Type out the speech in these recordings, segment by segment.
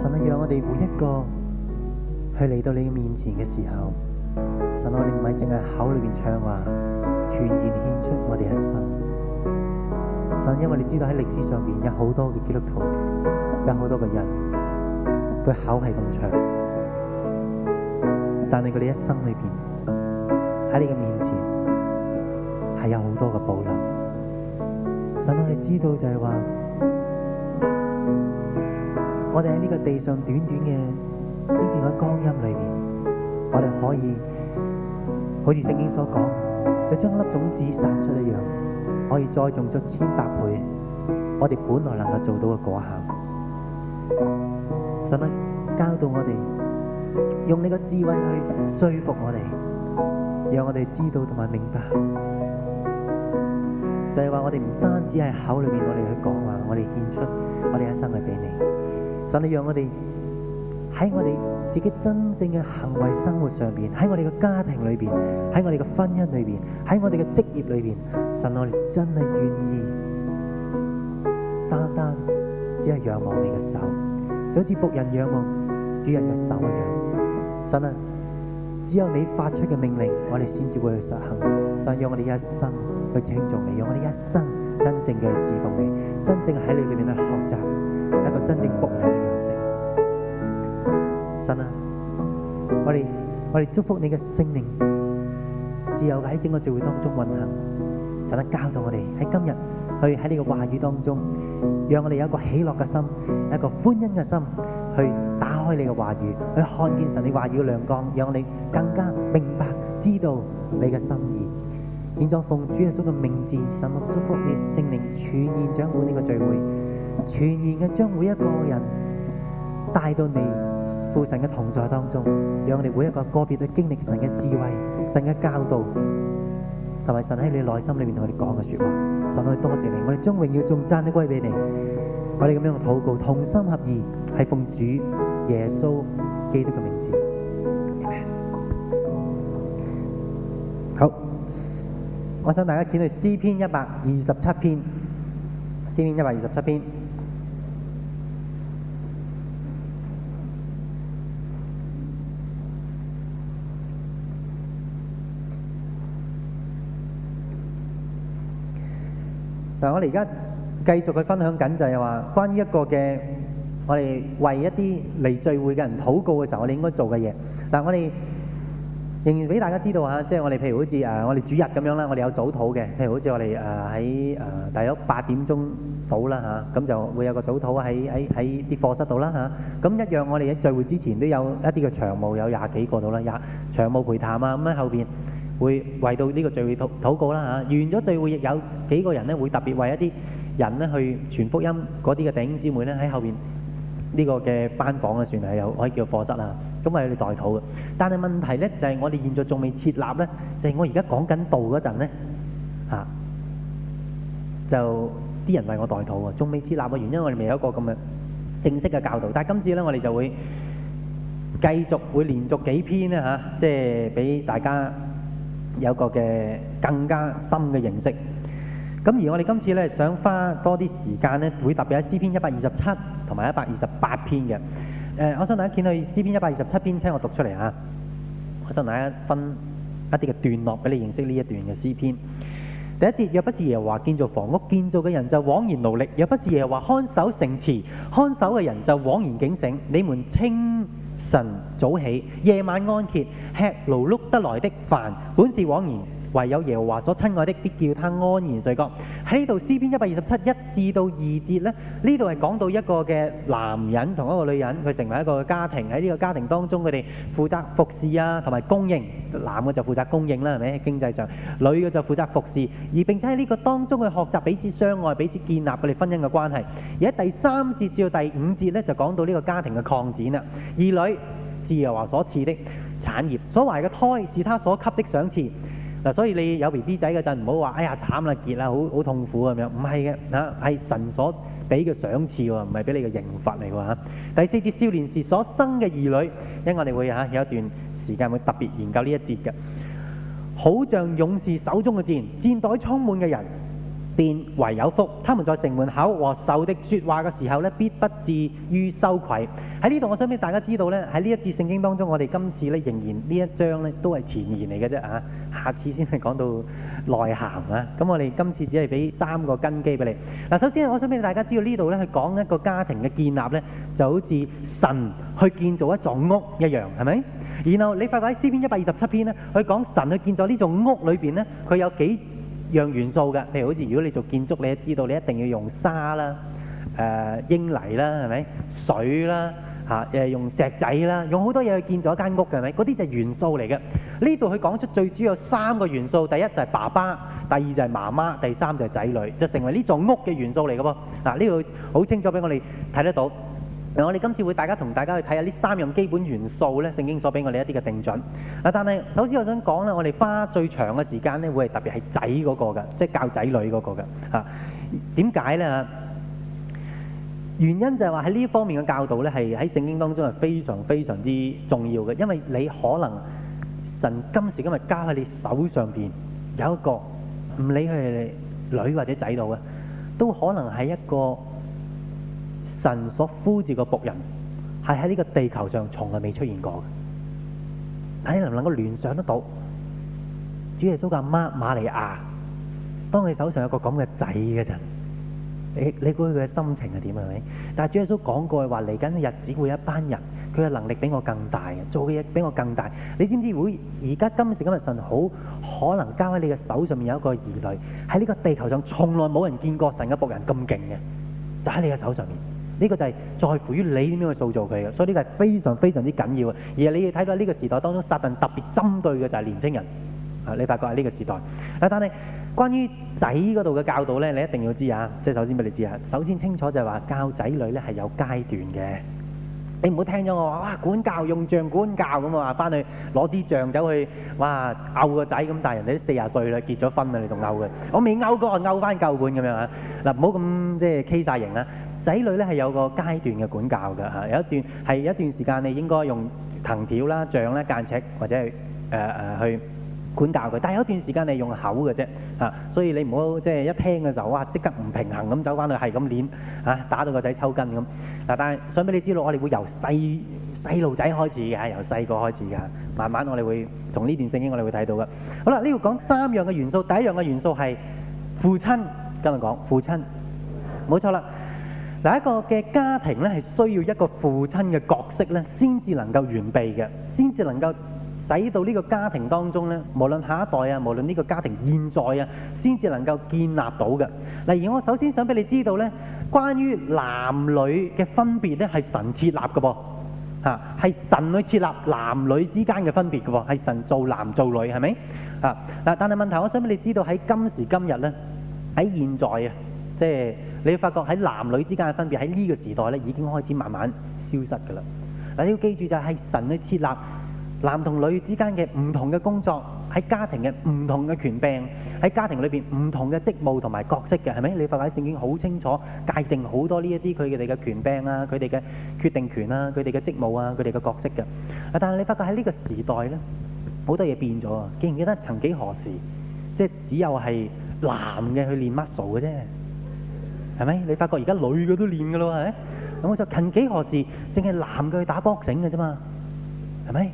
神啊，讓我哋每一個去嚟，到你嘅面前嘅時候神，神我哋唔係淨係口裏邊唱話，全然獻出我哋一生神。神，因為你知道喺歷史上邊有好多嘅基督徒，有好多嘅人，佢口係咁唱，但係佢哋一生裏邊喺你嘅面前係有好多嘅保留。神，我哋知道就係話。我哋喺呢個地上短短嘅呢段嘅光陰裏面，我哋可以好似聖經所講，就將一粒種子散出一樣，可以再種咗千百倍。我哋本來能夠做到嘅果效，使乜交到我哋用你嘅智慧去說服我哋，讓我哋知道同埋明白，就係話我哋唔單止係口裏面，我哋去講話，我哋獻出我哋一生去俾你。神，你讓我哋喺我哋自己真正嘅行為生活上邊，喺我哋嘅家庭裏邊，喺我哋嘅婚姻裏邊，喺我哋嘅職業裏邊，神，我哋真係願意單單只係仰望你嘅手，就好似僕人仰望主人嘅手一樣。神啊，只有你發出嘅命令，我哋先至會去實行。神，讓我哋一生去稱頌你，讓我哋一生真正嘅侍奉你，真正喺你裏面去學習一個真正僕人嘅樣式。神啊，我哋我哋祝福你嘅聖靈自由喺整個聚會當中運行，神啊，教導我哋喺今日去喺呢個話語當中，讓我哋有一個喜樂嘅心，一個歡欣嘅心，去打開你嘅話語，去看見神你話語嘅亮光，讓我哋更加明白知道你嘅心意。現在奉主耶穌嘅名字，神我祝福你，聖靈全然掌管呢個聚會，全然嘅將每一個人帶到你父神嘅同在當中，讓我哋每一個個別都經歷神嘅智慧、神嘅教導，同埋神喺你內心裏面同我哋講嘅說話。神可以多謝你，我哋將榮耀仲讚啲歸俾你。我哋咁樣嘅禱告，同心合意，係奉主耶穌基督嘅名。我想大家見到詩篇一百二十七篇，詩篇一百二十七篇。嗱，我哋而家繼續去分享緊就係話，關於一個嘅，我哋為一啲嚟聚會嘅人禱告嘅時候，我哋應該做嘅嘢。嗱，我哋。仍然俾大家知道嚇，即係我哋譬如好似誒，我哋主日咁樣啦，我哋有早禱嘅，譬如好似我哋誒喺誒大約八點鐘到啦嚇，咁就會有個早禱喺喺喺啲課室度啦嚇。咁一樣，我哋喺聚會之前都有一啲嘅長務有廿幾個到啦，廿長務陪談啊，咁喺後邊會為到呢個聚會禱禱告啦嚇。完咗聚會亦有幾個人咧，會特別為一啲人咧去傳福音嗰啲嘅弟兄姊妹咧喺後邊。呢個嘅班房咧，算係有可以叫課室啦。咁啊，你代禱嘅。但係問題咧，就係我哋現在仲未設立咧，就係我而家講緊道嗰陣咧，嚇就啲人為我代禱喎。仲未設立嘅原因，我哋未有一個咁嘅正式嘅教導。但係今次咧，我哋就會繼續會連續幾篇咧嚇，即係俾大家有一個嘅更加深嘅認識。咁而我哋今次咧，想花多啲時間呢，會特別喺詩篇一百二十七同埋一百二十八篇嘅、呃。我想大家見到詩篇一百二十七篇，請我讀出嚟啊！我想大家分一啲嘅段落俾你認識呢一段嘅詩篇。第一節：若不是耶和華建造房屋，建造嘅人就枉然勞力；若不是耶和華看守城池，看守嘅人就枉然警醒。你們清晨早起，夜晚安歇，吃勞碌得來的飯，本是枉然。唯有耶和華所親愛的，必叫他安然睡覺。喺呢度詩篇一百二十七一至到二節咧，呢度係講到一個嘅男人同一個女人，佢成為一個家庭，喺呢個家庭當中，佢哋負責服侍啊，同埋供應，男嘅就負責供應啦、啊啊，係咪經濟上女嘅就負責服侍，而並且喺呢個當中佢學習彼此相愛，彼此建立佢哋婚姻嘅關係。而喺第三節至到第五節咧，就講到呢個家庭嘅擴展啦。兒女是耶和華所賜的產業，所懷嘅胎是他所給的賞賜。所以你有 B B 仔嗰陣，唔好話，哎呀，慘啦，結啦，好好痛苦咁樣，唔係嘅，嚇係神所畀嘅賞賜喎，唔係畀你嘅刑罰嚟喎嚇。第四節，少年時所生嘅兒女，因為我哋會嚇有一段時間會特別研究呢一節嘅，好像勇士手中嘅箭，箭袋充滿嘅人。便為有福。他們在城門口和仇敵說話嘅時候咧，必不至於羞愧。喺呢度，我想俾大家知道咧，喺呢一節聖經當中，我哋今次咧仍然呢一章咧都係前言嚟嘅啫啊。下次先係講到內涵啊。咁我哋今次只係俾三個根基俾你。嗱，首先我想俾大家知道呢度咧，係講一個家庭嘅建立咧，就好似神去建造一座屋一樣，係咪？然後你發覺喺詩篇一百二十七篇咧，佢講神去建造呢座屋裏邊咧，佢有幾？樣元素嘅，譬如好似如果你做建築，你都知道你一定要用沙啦，誒、呃、英泥啦，係咪水啦，嚇、啊、誒用石仔啦，用好多嘢去建咗一間屋嘅，係咪？嗰啲就係元素嚟嘅。呢度佢講出最主要有三個元素，第一就係爸爸，第二就係媽媽，第三就係仔女，就成為呢座屋嘅元素嚟嘅噃。嗱，呢度好清楚俾我哋睇得到。我哋今次會大家同大家去睇下呢三樣基本元素咧，聖經所俾我哋一啲嘅定準啊。但係首先我想講咧，我哋花最長嘅時間咧，會係特別係仔嗰個嘅，即係教仔女嗰個嘅啊。點解咧？原因就係話喺呢方面嘅教導咧，係喺聖經當中係非常非常之重要嘅，因為你可能神今時今日交喺你手上邊有一個，唔理佢係你女或者仔到嘅，都可能係一個。神所呼召個僕人，係喺呢個地球上從嚟，未出現過。但係你能唔能夠聯想得到，主耶穌嘅阿媽瑪利亞，當佢手上有個咁嘅仔嘅陣，你你估佢嘅心情係點係咪？但係主耶穌講過話，嚟緊嘅日子會有一班人，佢嘅能力比我更大嘅，做嘅嘢，比我更大。你知唔知會而家今時今日神好可能交喺你嘅手上面有一個兒女，喺呢個地球上從來冇人見過神嘅僕人咁勁嘅，就喺你嘅手上面。呢個就係在乎於你點樣去塑造佢嘅，所以呢個係非常非常之緊要啊！而係你要睇到呢個時代當中，撒但特別針對嘅就係年青人啊！你發覺喺呢個時代，但係關於仔嗰度嘅教導咧，你一定要知啊！即係首先俾你知啊，首先清楚就係話教仔女咧係有階段嘅。你唔好聽咗我話哇管教用杖管教咁啊，翻去攞啲杖走去哇拗個仔咁，但係人哋都四廿歲啦，結咗婚啦，你仲拗佢。我未拗過，拗翻夠本咁樣啊！嗱，唔好咁即係 K 晒型啊。仔女咧係有個階段嘅管教㗎嚇，有一段係一段時間，你應該用藤條啦、杖啦、間尺或者係誒誒去管教佢。但係有一段時間，你用口㗎啫嚇，所以你唔好即係一聽嘅時候，哇！即刻唔平衡咁走翻去，係咁攆嚇，打到個仔抽筋咁嗱。但係想俾你知咯，我哋會由細細路仔開始嘅，由細個開始嘅，慢慢我哋會從呢段聖經，我哋會睇到嘅。好啦，呢度講三樣嘅元素，第一樣嘅元素係父親，跟住講父親，冇錯啦。嗱，一個嘅家庭咧，係需要一個父親嘅角色咧，先至能夠完備嘅，先至能夠使到呢個家庭當中咧，無論下一代啊，無論呢個家庭現在啊，先至能夠建立到嘅。例如我首先想俾你知道咧，關於男女嘅分別咧，係神設立嘅噃，嚇係神去設立男女之間嘅分別嘅喎，係神做男做女係咪？嚇，嗱，但係問題我想俾你知道喺今時今日咧，喺現在啊，即係。你會發覺喺男女之間嘅分別喺呢個時代咧已經開始慢慢消失㗎啦。嗱，你要記住就係神去設立男同女之間嘅唔同嘅工作，喺家庭嘅唔同嘅權柄，喺家庭裏邊唔同嘅職務同埋角色嘅，係咪？你發覺喺聖經好清楚界定好多呢一啲佢哋嘅權柄啊，佢哋嘅決定權啊，佢哋嘅職務啊，佢哋嘅角色嘅。啊，但係你發覺喺呢個時代咧好多嘢變咗啊！記唔記得曾幾何時，即係只有係男嘅去練 muscle 嘅啫。係咪？你發覺而家女嘅都練㗎咯，係咪？咁我就近幾何時，淨係男嘅去打 boxing 㗎啫嘛，係咪？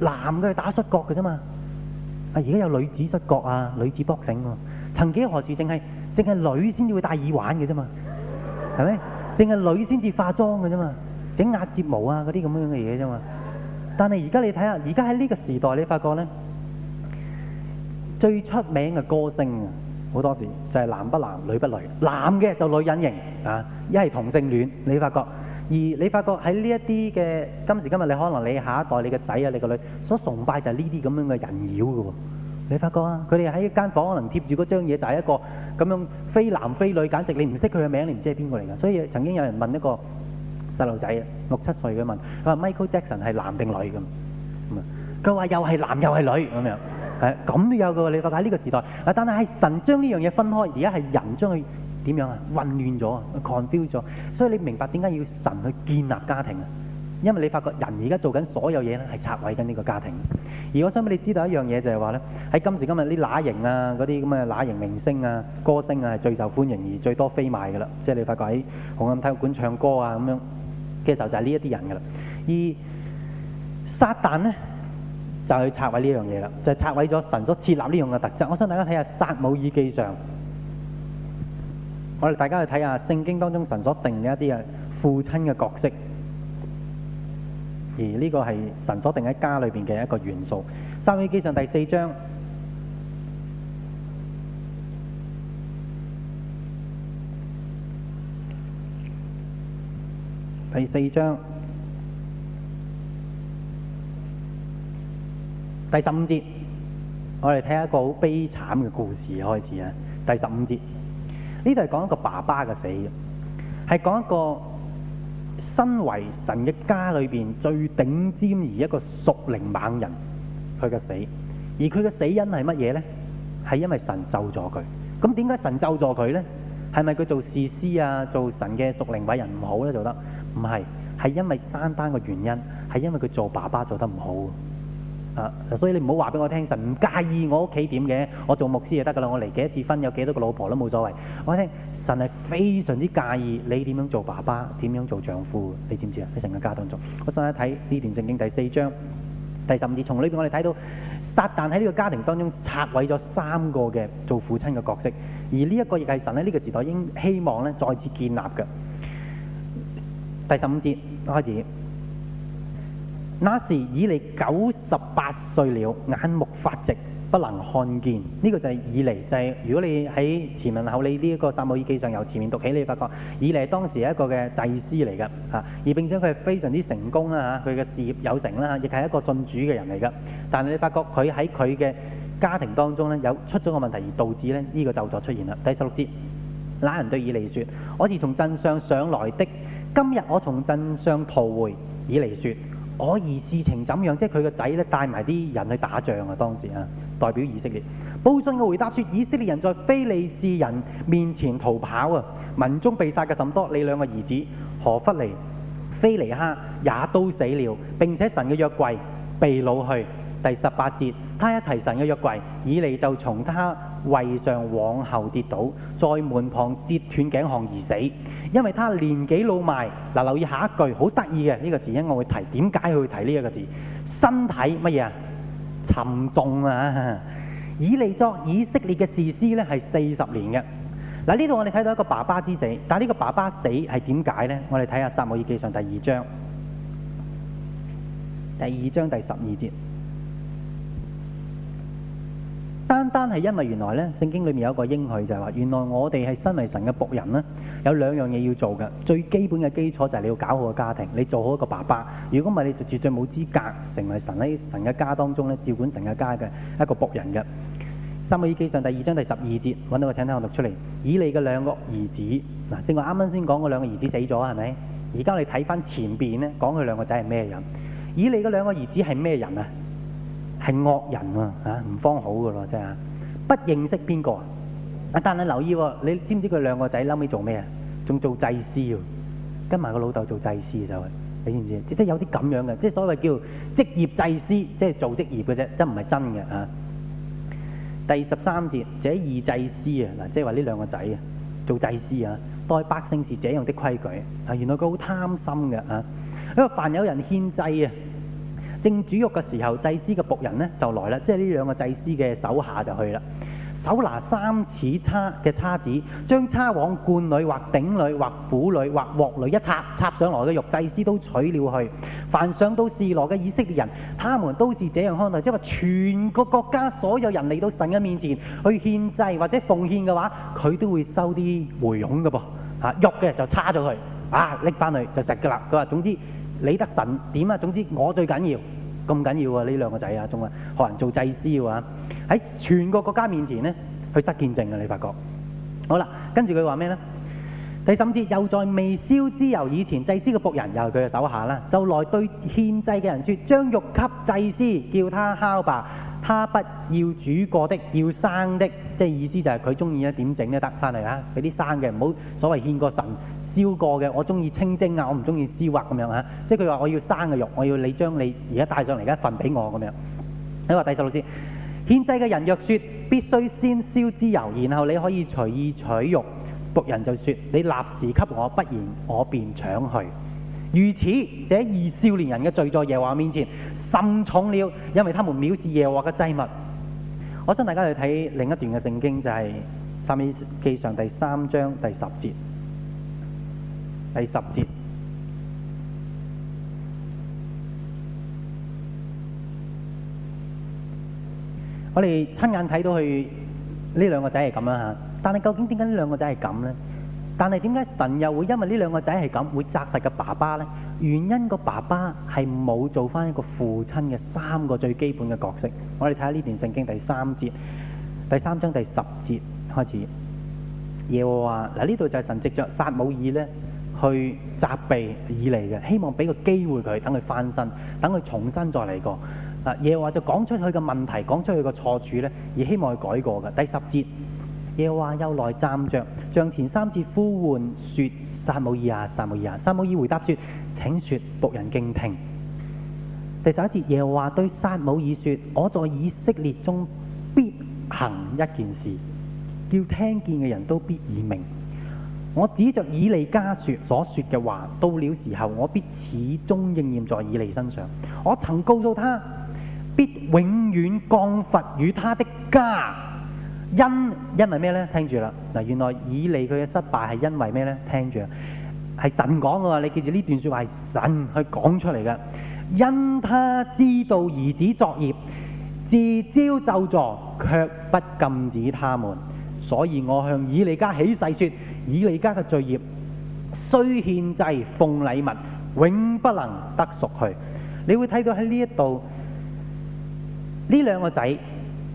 男嘅去打摔角㗎啫嘛。啊，而家有女子摔角啊，女子 boxing 喎。曾幾何時，淨係淨係女先至會戴耳環嘅啫嘛，係咪？淨係女先至化妝嘅啫嘛，整壓睫毛啊嗰啲咁樣嘅嘢啫嘛。但係而家你睇下，而家喺呢個時代，你發覺咧，最出名嘅歌星啊！好多時就係男不男女不女，男嘅就女人型啊，一係同性戀，你發覺，而你發覺喺呢一啲嘅今時今日，你可能你下一代你嘅仔啊，你個女所崇拜就係呢啲咁樣嘅人妖㗎喎，你發覺啊，佢哋喺一間房可能貼住嗰張嘢就係一個咁樣非男非女，簡直你唔識佢嘅名，你唔知係邊個嚟㗎，所以曾經有人問一個細路仔六七歲嘅問佢話 Michael Jackson 係男定女咁，佢話又係男又係女咁樣。誒咁都有嘅，你發覺喺呢個時代啊，但係係神將呢樣嘢分開，而家係人將佢點樣啊混亂咗 confuse 咗，所以你明白點解要神去建立家庭啊？因為你發覺人而家做緊所有嘢咧，係拆毀緊呢個家庭。而我想俾你知道一樣嘢就係話咧，喺今時今日呢，乸型啊嗰啲咁嘅乸型明星啊歌星啊係最受歡迎而最多飛賣嘅啦。即係你發覺喺紅磡體育館唱歌啊咁樣嘅時候就係呢一啲人嘅啦。而撒旦咧。就去拆毀呢樣嘢啦，就係拆毀咗神所設立呢樣嘅特質。我想大家睇下《撒母耳記上》，我哋大家去睇下聖經當中神所定嘅一啲嘅父親嘅角色，而呢個係神所定喺家裏邊嘅一個元素。撒母耳記上第四章，第四章。第十五節，我哋睇一個好悲慘嘅故事開始啊！第十五節，呢度係講一個爸爸嘅死，係講一個身為神嘅家裏面最頂尖而一個屬靈猛人，佢嘅死，而佢嘅死因係乜嘢呢？係因為神咒咗佢。咁點解神咒咗佢呢？係咪佢做士師啊，做神嘅屬靈偉人唔好呢？做得？唔係，係因為單單個原因，係因為佢做爸爸做得唔好。啊、所以你唔好話俾我聽，神唔介意我屋企點嘅，我做牧師就得噶啦。我嚟幾多次婚，有幾多個老婆都冇所謂。我聽神係非常之介意你點樣做爸爸，點樣做丈夫，你知唔知啊？喺成個家當中，我想一睇呢段聖經第四章第十五節，從裏邊我哋睇到撒旦喺呢個家庭當中拆毀咗三個嘅做父親嘅角色，而呢一個亦係神喺呢個時代應希望咧再次建立嘅。第十五節開始。那時以利九十八歲了，眼目發直，不能看見。呢、這個就係以利，就係、是、如果你喺前文後理呢個個撒母耳記上由前面讀起，你發覺以利當時是一個嘅祭司嚟嘅，而並且佢係非常之成功啦嚇，佢嘅事業有成啦嚇，亦係一個信主嘅人嚟嘅。但你發覺佢喺佢嘅家庭當中呢，有出咗個問題而導致呢呢、這個就作出現了。第十六節，那人對以利說，我是從鎮上上來的，今日我從鎮上逃回以，以利說可以事情怎樣？即係佢個仔咧帶埋啲人去打仗啊！當時啊，代表以色列。報信嘅回答說，以色列人在非利士人面前逃跑啊，民眾被殺嘅甚多。你兩個兒子何弗尼、菲尼哈也都死了。並且神嘅約櫃被擄去。第十八節，他一提神嘅約櫃，以利就從他位上往後跌倒，在門旁折斷頸項而死，因為他年紀老邁。嗱，留意下一句好得意嘅呢個字，因為我會提點解佢會提呢一個字，身體乜嘢啊沉重啊。以利作以色列嘅士師呢係四十年嘅。嗱，呢度我哋睇到一個爸爸之死，但係呢個爸爸死係點解呢？我哋睇下撒母耳記上第二章，第二章第十二節。單單係因為原來呢，聖經裏面有一個應許就係話，原來我哋係身為神嘅僕人呢，有兩樣嘢要做嘅。最基本嘅基礎就係你要搞好個家庭，你做好一個爸爸。如果唔係，你就絕對冇資格成為神，喺神嘅家當中呢，照管神嘅家嘅一個僕人嘅。《撒母耳記》上第二章第十二節，揾到個請睇我讀出嚟。以你嘅兩個兒子嗱，正話啱啱先講嗰兩個兒子死咗，係咪？而家你睇翻前面呢，講佢兩個仔係咩人？以你嘅兩個兒子係咩人啊？係惡人啊，嚇，唔方好嘅咯，真係不認識邊個啊！但係留意喎，你知唔知佢兩個仔後尾做咩啊？仲做祭司啊，跟埋個老豆做祭司就係、是，你知唔知？即、就、係、是、有啲咁樣嘅，即係所謂叫職業祭司，即、就、係、是、做職業嘅啫，真唔係真嘅啊。第十三節，這二祭司啊，嗱，即係話呢兩個仔啊，做祭司啊，待百姓是這樣的規矩啊。原來佢好貪心嘅啊，因為凡有人獻祭啊。正煮肉嘅時候，祭司嘅僕人呢就來啦，即係呢兩個祭司嘅手下就去啦，手拿三齒叉嘅叉子，將叉往罐裏、或鼎裏、或釜裏、或鍋裏一插，插上來嘅肉，祭司都取了去。凡上到示羅嘅以色列人，他們都是這樣看待，即係話全個國家所有人嚟到神嘅面前去獻祭或者奉獻嘅話，佢都會收啲回佣噶噃，嚇肉嘅就叉咗佢，啊拎翻去就食噶啦。佢話總之。理得神點啊！總之我最緊要，咁緊要啊！呢兩個仔啊，仲話學人做祭司㗎嘛，喺全個國家面前咧，去失見證嘅你發覺。好啦，跟住佢話咩咧？第十五節又在未燒脂油以前，祭司嘅僕人又係佢嘅手下啦，就來對獻祭嘅人説：將肉給祭司，叫他烤吧。他不要煮過的，要生的，即係意思就係佢中意一點整都得翻嚟啊！俾啲生嘅，唔好所謂獻過神、燒過嘅，我中意清蒸啊，我唔中意絲滑咁樣啊！即係佢話我要生嘅肉，我要你將你而家帶上嚟嘅一份俾我咁樣。你話第十六節，獻祭嘅人若説必須先燒脂油，然後你可以隨意取肉，僕人就説：你立時給我，不然我便搶去。如此，這二少年人嘅罪在耶和華面前甚重了，因為他們藐視耶和華嘅祭物。我想大家去睇另一段嘅聖經，就係、是《撒母耳記上》第三章第十節。第十節，我哋親眼睇到佢呢兩個仔係咁啊！但係究竟點解呢兩個仔係咁呢？但係點解神又會因為呢兩個仔係咁，會責罰個爸爸呢？原因個爸爸係冇做翻一個父親嘅三個最基本嘅角色。我哋睇下呢段聖經第三節，第三章第十節開始。耶和華嗱呢度就係神藉着，撒母耳咧去責備以利嘅，希望俾個機會佢，等佢翻身，等佢重新再嚟過。啊耶和華就講出佢嘅問題，講出佢個錯處咧，而希望佢改過嘅。第十節。耶華又來站着，像前三節呼喚說：撒母耳啊，撒母耳啊。撒母耳回答說：請說，僕人敬聽。第十一節，耶華對撒母耳說：我在以色列中必行一件事，叫聽見嘅人都必耳鳴。我指着以利家說所說嘅話，到了時候，我必始終應驗在以利身上。我曾告訴他，必永遠降罰與他的家。因因為咩呢？聽住啦，嗱，原來以利佢嘅失敗係因為咩呢？聽住啊，係神講嘅。你記住呢段説話係神去講出嚟嘅。因他知道兒子作孽，自招咒詛，卻不禁止他們。所以我向以利家起誓説：以利家嘅罪孽，雖獻祭奉禮物，永不能得贖去。你會睇到喺呢一度，呢兩個仔。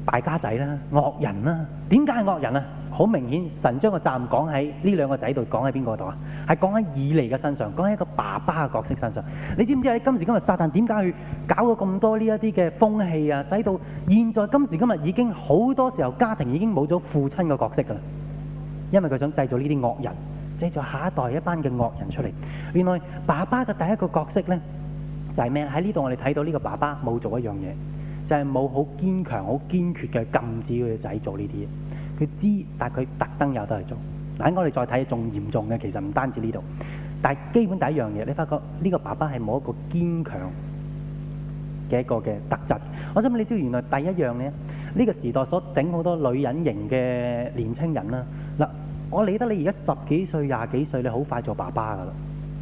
敗家仔啦、啊，惡人啦，點解係惡人啊？好，啊、明顯，神將個站講喺呢兩個仔度，講喺邊個度啊？係講喺以利嘅身上，講喺一個爸爸嘅角色身上。你知唔知喺今時今日撒旦點解去搞到咁多呢一啲嘅風氣啊？使到現在今時今日已經好多時候家庭已經冇咗父親嘅角色㗎啦，因為佢想製造呢啲惡人，製造下一代一班嘅惡人出嚟。原來爸爸嘅第一個角色呢，就係、是、咩？喺呢度我哋睇到呢個爸爸冇做一樣嘢，就係冇好堅強、好堅決嘅禁止佢嘅仔做呢啲嘢。佢知，但係佢特登有得去做但。嗱，我哋再睇仲嚴重嘅，其實唔單止呢度，但係基本第一樣嘢，你發覺呢個爸爸係冇一個堅強嘅一個嘅特質。我想問你，知道原來第一樣呢，呢個時代所整好多女人型嘅年青人啦。嗱，我理得你而家十幾歲、廿幾歲，你好快做爸爸㗎啦，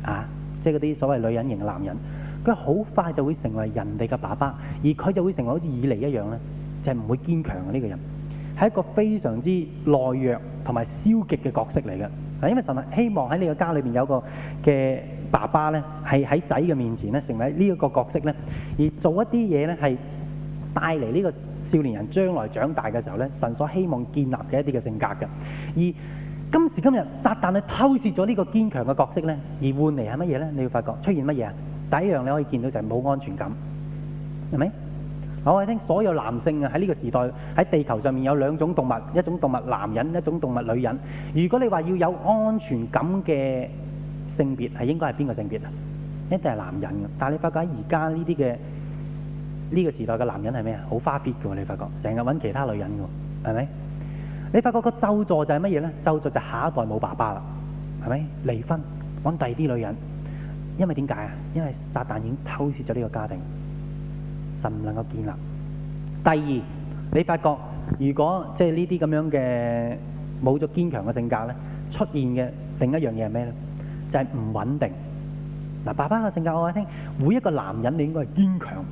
啊，即係嗰啲所謂女人型嘅男人。佢好快就會成為人哋嘅爸爸，而佢就會成為好似以嚟一樣咧，就係、係、唔會堅強嘅呢、呢個人，係一個非常之懦弱同埋消極嘅角色嚟嘅。嗱，因為神希望喺你嘅家裏邊有個嘅爸爸咧，係喺仔嘅面前咧，成為呢一個角色咧，而做一啲嘢咧，係帶嚟呢個少年人將來長大嘅時候咧，神所希望建立嘅一啲嘅性格嘅。而今時今日，撒旦去偷竊咗呢個堅強嘅角色咧，而換嚟係乜嘢咧？你要發覺出現乜嘢啊？第一樣你可以見到就係冇安全感，係咪？我話聽所有男性啊喺呢個時代喺地球上面有兩種動物，一種動物男人，一種動物女人。如果你話要有安全感嘅性別，係應該係邊個性別啊？一定係男人嘅。但係你發覺喺而家呢啲嘅呢個時代嘅男人係咩啊？好花 fit 嘅，你發覺成日搵其他女人嘅，係咪？你發覺個咒助就係乜嘢咧？咒助就下一代冇爸爸啦，係咪？離婚搵第二啲女人。因為點解啊？因為撒旦已經偷竊咗呢個家庭，神唔能夠建立。第二，你發覺如果即係呢啲咁樣嘅冇咗堅強嘅性格咧，出現嘅另一樣嘢係咩咧？就係唔穩定。嗱，爸爸嘅性格我聽，每一個男人你應該係堅強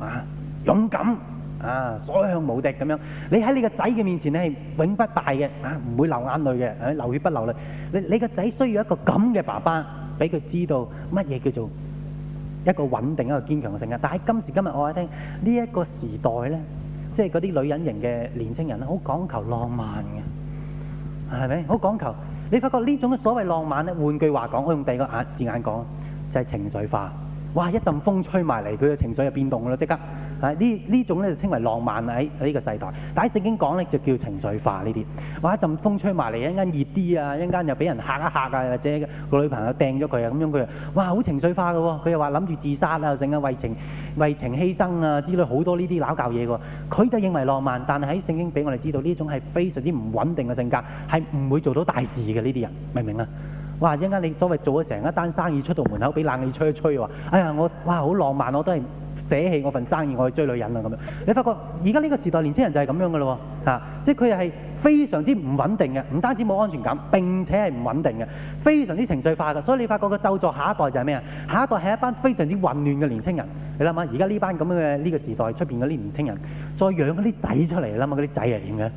啊、勇敢啊、所向無敵咁樣。你喺你個仔嘅面前，你係永不敗嘅啊，唔會流眼淚嘅，流血不流淚。你你個仔需要一個咁嘅爸爸。俾佢知道乜嘢叫做一個穩定一個堅強性啊！但係今時今日我喺聽呢一個時代咧，即係嗰啲女人型嘅年青人咧，好講求浪漫嘅，係咪？好講求你發覺呢種所謂浪漫咧，換句話講，我用第二個眼字眼講，就係、是、情緒化。哇！一陣風吹埋嚟，佢嘅情緒又變動咯，即刻。係呢，呢種咧就稱為浪漫喺呢個世代。但喺聖經講咧就叫情緒化呢啲。哇！一陣風吹埋嚟，一陣間熱啲啊，一陣間又俾人嚇一嚇啊，或者個女朋友掟咗佢啊，咁樣佢哇！好情緒化嘅喎。佢又話諗住自殺啦，成日為情為情犧牲啊之類，好多呢啲攋教嘢嘅。佢就認為浪漫，但係喺聖經俾我哋知道呢種係非常之唔穩定嘅性格，係唔會做到大事嘅呢啲人，明唔明啊？哇！一間你所謂做咗成一單生意出到門口，俾冷氣吹一吹話，哎呀，我哇好浪漫，我都係捨棄我份生意，我去追女人啦咁樣。你發覺而家呢個時代年輕人就係咁樣嘅咯喎，啊、即他即係佢係非常之唔穩定嘅，唔單止冇安全感，並且係唔穩定嘅，非常之情緒化嘅。所以你發覺個就座下一代就係咩？下一代係一班非常之混亂嘅年輕人。你諗下，而家呢班咁嘅呢個時代出面嗰啲年輕人，再養一啲仔出嚟，諗下嗰啲仔係點嘅？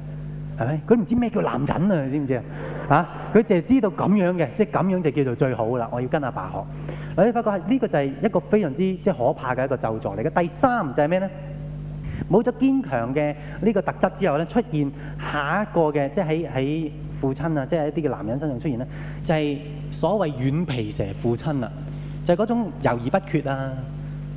係咪？佢唔知咩叫男人啊？你知唔知啊？啊！佢就係知道咁樣嘅，即係咁樣就叫做最好噶啦。我要跟阿爸學。誒，發覺呢個就係一個非常之即係可怕嘅一個咒詛嚟嘅。第三就係咩咧？冇咗堅強嘅呢個特質之後咧，出現下一個嘅即係喺喺父親啊，即係一啲嘅男人身上出現咧，就係所謂軟皮蛇父親啊，就係嗰種猶豫不決啊、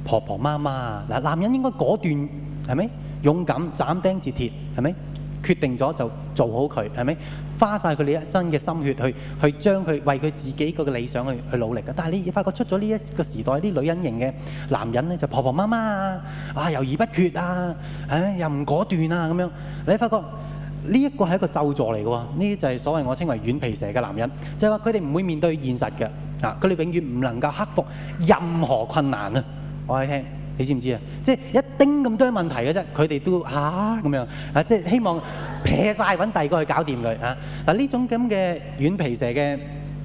婆婆媽媽嗱。男人應該果斷係咪？勇敢，斬釘截鐵係咪？決定咗就做好佢，係咪？花晒佢哋一生嘅心血去去將佢為佢自己個理想去去努力嘅。但係你發覺出咗呢一個時代啲女人型嘅男人咧，就婆婆媽媽啊，啊猶豫不決啊，唉又唔果斷啊咁樣。你發覺呢一個係一個咒助嚟嘅喎，呢啲就係所謂我稱為軟皮蛇嘅男人，就係話佢哋唔會面對現實嘅啊，佢哋永遠唔能夠克服任何困難啊。我哋聽。你知唔知啊？即係一丁咁多問題嘅啫，佢哋都吓咁樣啊！即係希望撇晒揾第二個去搞掂佢啊！嗱，呢種咁嘅軟皮蛇嘅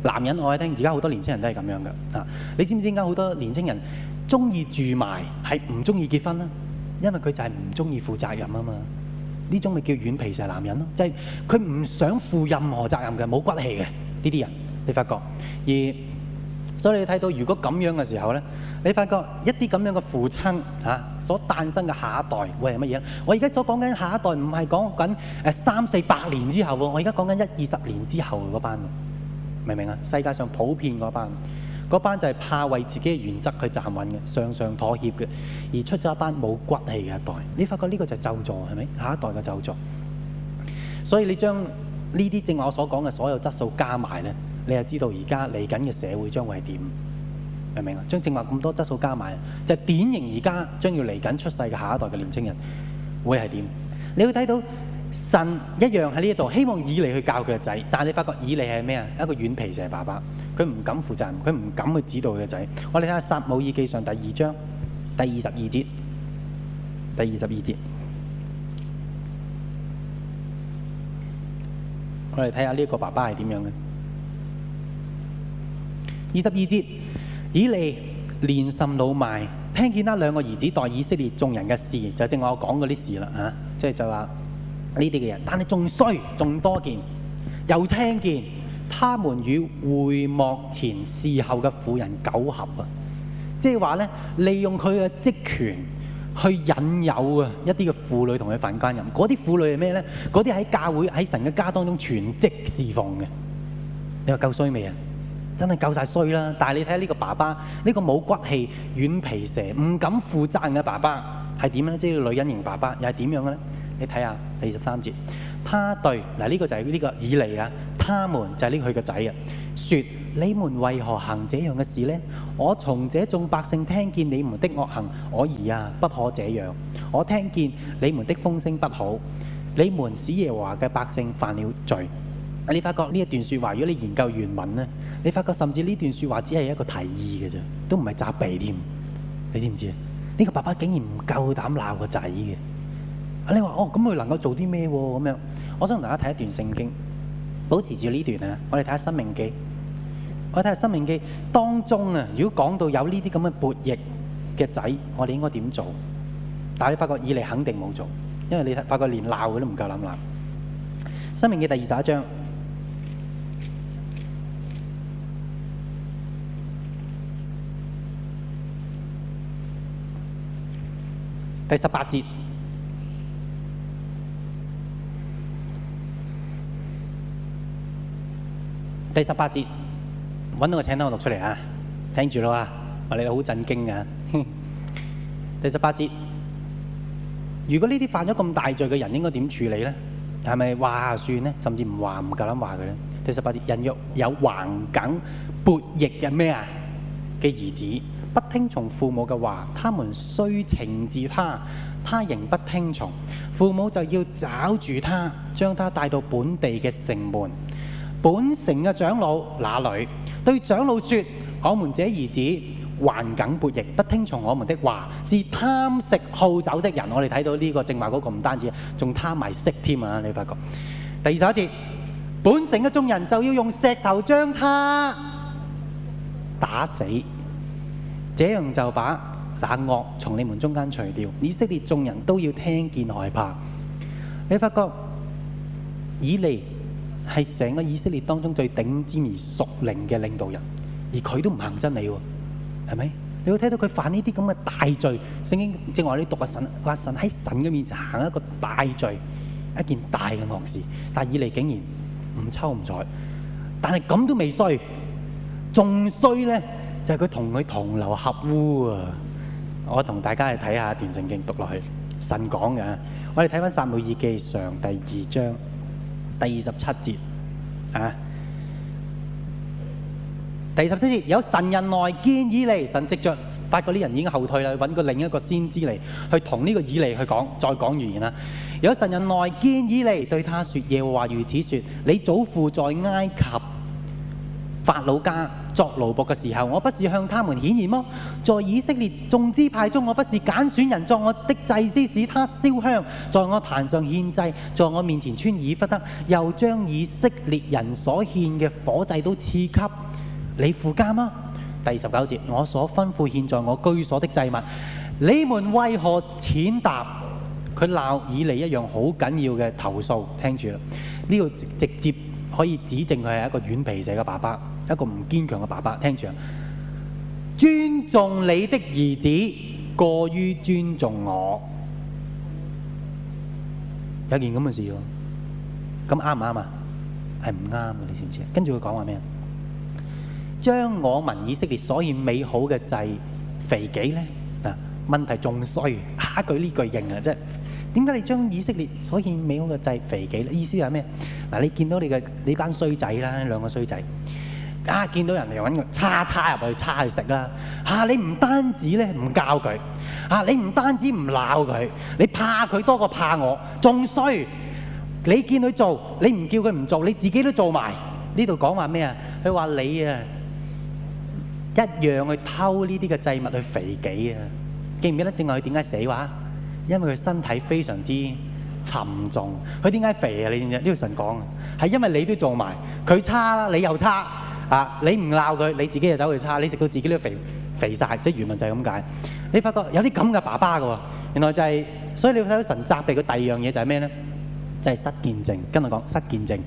男人，我喺聽，而家好多年青人都係咁樣嘅啊！你知唔知點解好多年青人中意住埋係唔中意結婚咧？因為佢就係唔中意負責任啊嘛！呢種咪叫軟皮蛇男人咯，即係佢唔想負任何責任嘅，冇骨氣嘅呢啲人，你發覺。而所以你睇到如果咁樣嘅時候咧。你發覺一啲咁樣嘅父親嚇所誕生嘅下一代會係乜嘢？我而家所講緊下一代唔係講緊誒三四百年之後喎，我而家講緊一二十年之後嗰班，明唔明啊？世界上普遍嗰班，嗰班就係怕為自己嘅原則去站穩嘅，上上妥協嘅，而出咗一班冇骨氣嘅一代。你發覺呢個就係咒詛係咪？下一代嘅咒詛，所以你將呢啲正話我所講嘅所有質素加埋咧，你就知道而家嚟緊嘅社會將會係點？明唔明啊？將正話咁多質素加埋，就係典型而家將要嚟緊出世嘅下一代嘅年青人會係點？你會睇到神一樣喺呢一度，希望以你去教佢嘅仔，但係你發覺以你係咩啊？一個軟皮蛇爸爸，佢唔敢負責任，佢唔敢去指導佢嘅仔。我哋睇下《撒母耳記上》第二章第二十二節，第二十二節，我哋睇下呢個爸爸係點樣嘅。二十二節。以利年甚老邁，聽見他兩個兒子代以色列眾人嘅事，就正話我講嗰啲事啦吓、啊，即係就話呢啲嘅人。但係仲衰仲多見，又聽見他們與會幕前伺候嘅婦人苟合啊！即係話呢，利用佢嘅職權去引誘啊一啲嘅婦女同佢犯姦淫。嗰啲婦女係咩呢？嗰啲喺教會喺神嘅家當中全職侍奉嘅。你話夠衰未啊？真係夠晒衰啦！但係你睇下呢個爸爸，呢個冇骨氣、軟皮蛇，唔敢負責任嘅爸爸係點樣呢？即係女人型爸爸又係點樣嘅呢？你睇下第二十三節，他對，嗱呢個就係呢個以利啊，他們就係呢佢個仔啊，說你們為何行這樣嘅事呢？我從這眾百姓聽見你們的惡行，我兒啊，不可這樣。我聽見你們的風聲不好，你們使耶和華嘅百姓犯了罪。你發覺呢一段説話，如果你研究原文呢。你發覺甚至呢段說話只係一個提議嘅啫，都唔係責備添。你知唔知啊？呢個爸爸竟然唔夠膽鬧個仔嘅。你話哦，咁佢能夠做啲咩咁樣？我想同大家睇一段聖經，保持住呢段啊。我哋睇下《申命記》，我哋睇下《申命記》當中啊，如果講到有呢啲咁嘅悖逆嘅仔，我哋應該點做？但係你發覺以嚟肯定冇做，因為你睇發覺連鬧佢都唔夠膽鬧。《申命記》第二十一章。第十八節，第十八節，搵到個清單我讀出嚟啊！聽住咯啊，你哋好震驚啊！第十八節，如果呢啲犯咗咁大罪嘅人應該點處理呢？係咪話算呢？甚至唔話唔夠膽話佢呢？第十八節，人若有橫梗、悖逆嘅咩啊嘅兒子？不聽從父母嘅話，他們雖懲治他，他仍不聽從，父母就要抓住他，將他帶到本地嘅城門，本城嘅長老那裡對長老説：我們這兒子頑梗悖逆，不聽從我們的話，是貪食好酒的人。我哋睇到呢、這個正話嗰個唔單止，仲貪埋色添啊！你發覺第二十一節，本城嘅眾人就要用石頭將他打死。這樣就把那惡從你們中間除掉。以色列眾人都要聽見害怕。你發覺以利係成個以色列當中最頂尖而屬靈嘅領導人，而佢都唔行真理喎，係咪？你會睇到佢犯呢啲咁嘅大罪。聖經正話你讀個神，個神喺神嘅面前行一個大罪，一件大嘅惡事。但以利竟然唔抽唔睬，但係咁都未衰，仲衰咧。就係佢同佢同流合污啊！我同大家去睇下段聖經讀落去，神講嘅。我哋睇翻撒母耳記上第二章第二十七節啊。第二十七節，有神人來見以利，神即將發覺呢人已經後退啦，揾個另一個先知嚟去同呢個以利去講，再講預言啦。有神人來見以利，對他説：耶和華如此説，你祖父在埃及法老家作奴僕嘅時候，我不是向他們顯現麼？在以色列眾支派中，我不是揀選人作我的祭司，使他燒香，在我壇上獻祭，在我面前穿以弗得，又將以色列人所獻嘅火祭都賜給你父家麼？第十九節，我所吩咐獻在我居所的祭物，你們為何踐踏？佢鬧以嚟一樣好緊要嘅投訴，聽住啦，呢個直接可以指證佢係一個軟皮蛇嘅爸爸。一個唔堅強嘅爸爸，聽住啊！尊重你的兒子，過於尊重我，有件咁嘅事喎，咁啱唔啱啊？係唔啱啊，你知唔知？跟住佢講話咩？將我民以色列所獻美好嘅祭，肥己咧嗱，問題仲衰下，下一句呢句型啊，即係點解你將以色列所獻美好嘅祭肥己咧？意思係咩？嗱，你見到你嘅呢班衰仔啦，兩個衰仔。啊！見到人嚟揾佢，叉叉入去叉去食啦！嚇、啊、你唔單止咧，唔教佢啊，你唔單止唔鬧佢，你怕佢多過怕我，仲衰！你見佢做，你唔叫佢唔做，你自己都做埋。呢度講話咩啊？佢話你啊，一樣去偷呢啲嘅祭物去肥己啊！記唔記得正話佢點解死話？因為佢身體非常之沉重，佢點解肥啊？你呢個神講啊，係因為你都做埋，佢叉，你又叉。啊！你唔鬧佢，你自己就走去叉，你食到自己都肥肥晒，即係原文就係咁解。你發覺有啲咁嘅爸爸嘅喎，原來就係、是，所以你睇到神責備嘅第二樣嘢就係咩咧？就係、是、失見證。跟我講失見證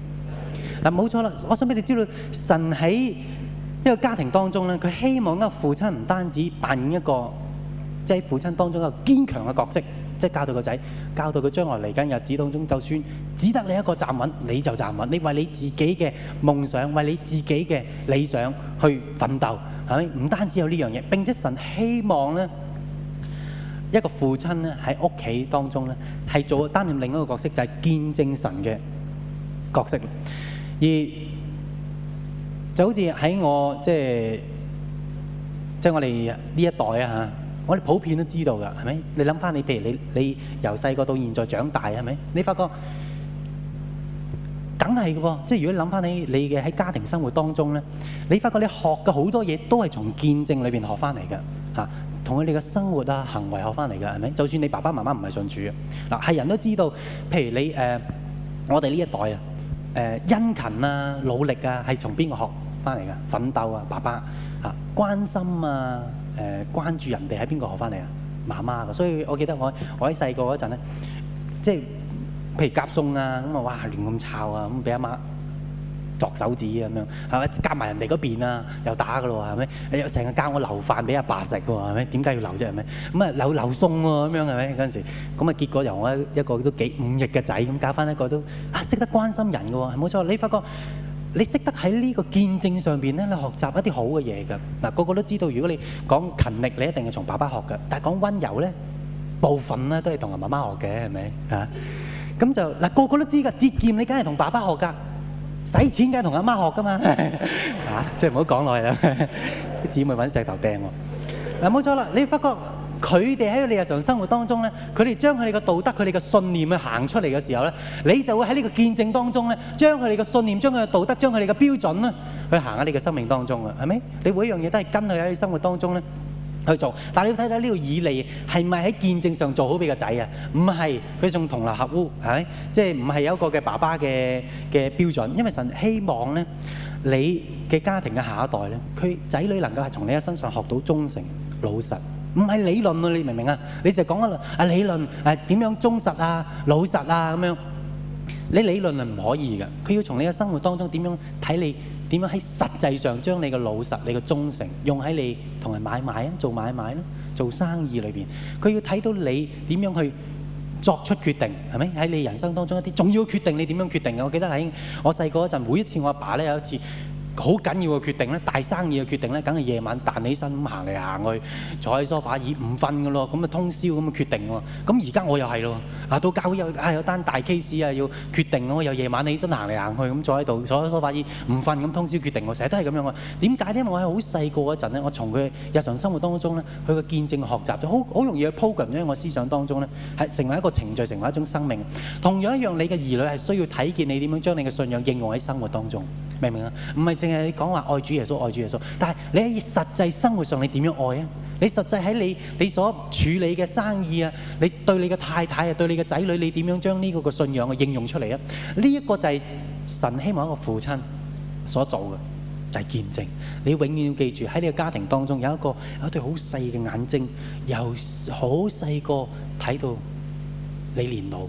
嗱，冇錯啦。我想俾你知道，神喺一個家庭當中咧，佢希望嗰父親唔單止扮演一個即係、就是、父親當中一個堅強嘅角色。即係教到個仔，教到佢將來嚟緊日子當中，就算只得你一個站穩，你就站穩。你為你自己嘅夢想，為你自己嘅理想去奮鬥，係咪？唔單止有呢樣嘢，並且神希望咧，一個父親咧喺屋企當中咧，係做擔任另一個角色，就係見證神嘅角色。而就好似喺我，即係即係我哋呢一代啊吓。我哋普遍都知道噶，係咪？你諗翻你，譬如你，你由細個到現在長大，係咪？你發覺，梗係噶，即係如果你諗翻你，你嘅喺家庭生活當中咧，你發覺你學嘅好多嘢都係從見證裏邊學翻嚟噶，吓，同佢哋嘅生活啊、行為學翻嚟噶，係咪？就算你爸爸媽媽唔係信主嘅，嗱，係人都知道，譬如你誒、呃，我哋呢一代啊，誒、呃，殷勤啊、努力啊，係從邊個學翻嚟噶？奮鬥啊，爸爸啊，關心啊。誒關注人哋喺邊個學翻嚟啊？媽媽嘅，所以我記得我在我喺細個嗰陣咧，即係譬如夾餸啊，咁啊哇亂咁炒啊，咁俾阿媽作手指咁樣，係咪夾埋人哋嗰邊啊？又打嘅咯喎，係咪？又成日教我留飯俾阿爸食嘅喎，係咪？點解要留啫？係咪？咁啊留留餸喎，咁樣係咪？嗰陣時，咁啊結果由我一個都幾五億嘅仔咁教翻一個都啊識得關心人嘅喎，係冇錯，你發覺。你識得喺呢個見證上邊咧，你學習一啲好嘅嘢㗎。嗱，個個都知道，如果你講勤力，你一定係從爸爸學㗎；但係講温柔咧，部分咧都係同阿媽媽學嘅，係咪啊？咁就嗱，個個都知㗎。節儉你梗係同爸爸學㗎，使錢梗係同阿媽學㗎嘛。 真說姐啊，即係唔好講耐啦。啲姊妹揾石頭掟喎。嗱，冇錯啦，你發覺。佢哋喺你日常生活當中呢，佢哋將佢哋嘅道德、佢哋嘅信念去行出嚟嘅時候呢，你就會喺呢個見證當中呢，將佢哋嘅信念、將佢嘅道德、將佢哋嘅標準呢去行喺你嘅生命當中啊，係咪？你每一樣嘢都係跟佢喺你嘅生活當中呢去做，但係你要睇睇呢個以利係咪喺見證上做好俾個仔啊？唔係佢仲同流合污係咪？即係唔係有一個嘅爸爸嘅嘅標準？因為神希望呢，你嘅家庭嘅下一代呢，佢仔女能夠係從你嘅身上學到忠誠、老實。唔係理論啊，你明唔明啊？你就講啊，理論誒點樣忠實啊、老實啊咁樣？你理論係唔可以嘅，佢要從你嘅生活當中點樣睇你？點樣喺實際上將你嘅老實、你嘅忠誠用喺你同人買賣啊、做買賣啦、做生意裏邊？佢要睇到你點樣去作出決定，係咪？喺你人生當中一啲重要決定，你點樣決定嘅？我記得喺我細個嗰陣，每一次我阿爸咧有一次。好緊要嘅決定咧，大生意嘅決定咧，梗係夜晚彈起身咁行嚟行去，坐喺梳化椅唔瞓嘅咯，咁啊通宵咁啊決定喎。咁而家我又係咯，啊到教有啊有單大 case 啊，要決定我又夜晚起身行嚟行去咁，坐喺度坐喺梳化椅唔瞓咁，通宵決定喎，我成日都係咁樣嘅。點解呢？因為我係好細個嗰陣咧，我從佢日常生活當中咧，佢嘅見證學習就好好容易去 programme 咗我思想當中咧，係成為一個程序，成為一種生命。同樣一樣，你嘅兒女係需要睇見你點樣將你嘅信仰應用喺生活當中。明唔明啊？唔係淨係你講話愛主耶穌，愛主耶穌，但係你喺實際生活上你點樣愛啊？你實際喺你你所處理嘅生意啊，你對你嘅太太啊，對你嘅仔女，你點樣將呢個嘅信仰嘅應用出嚟啊？呢一個就係神希望一個父親所做嘅，就係見證。你永遠要記住喺你嘅家庭當中有一個有一對好細嘅眼睛，由好細個睇到你年老。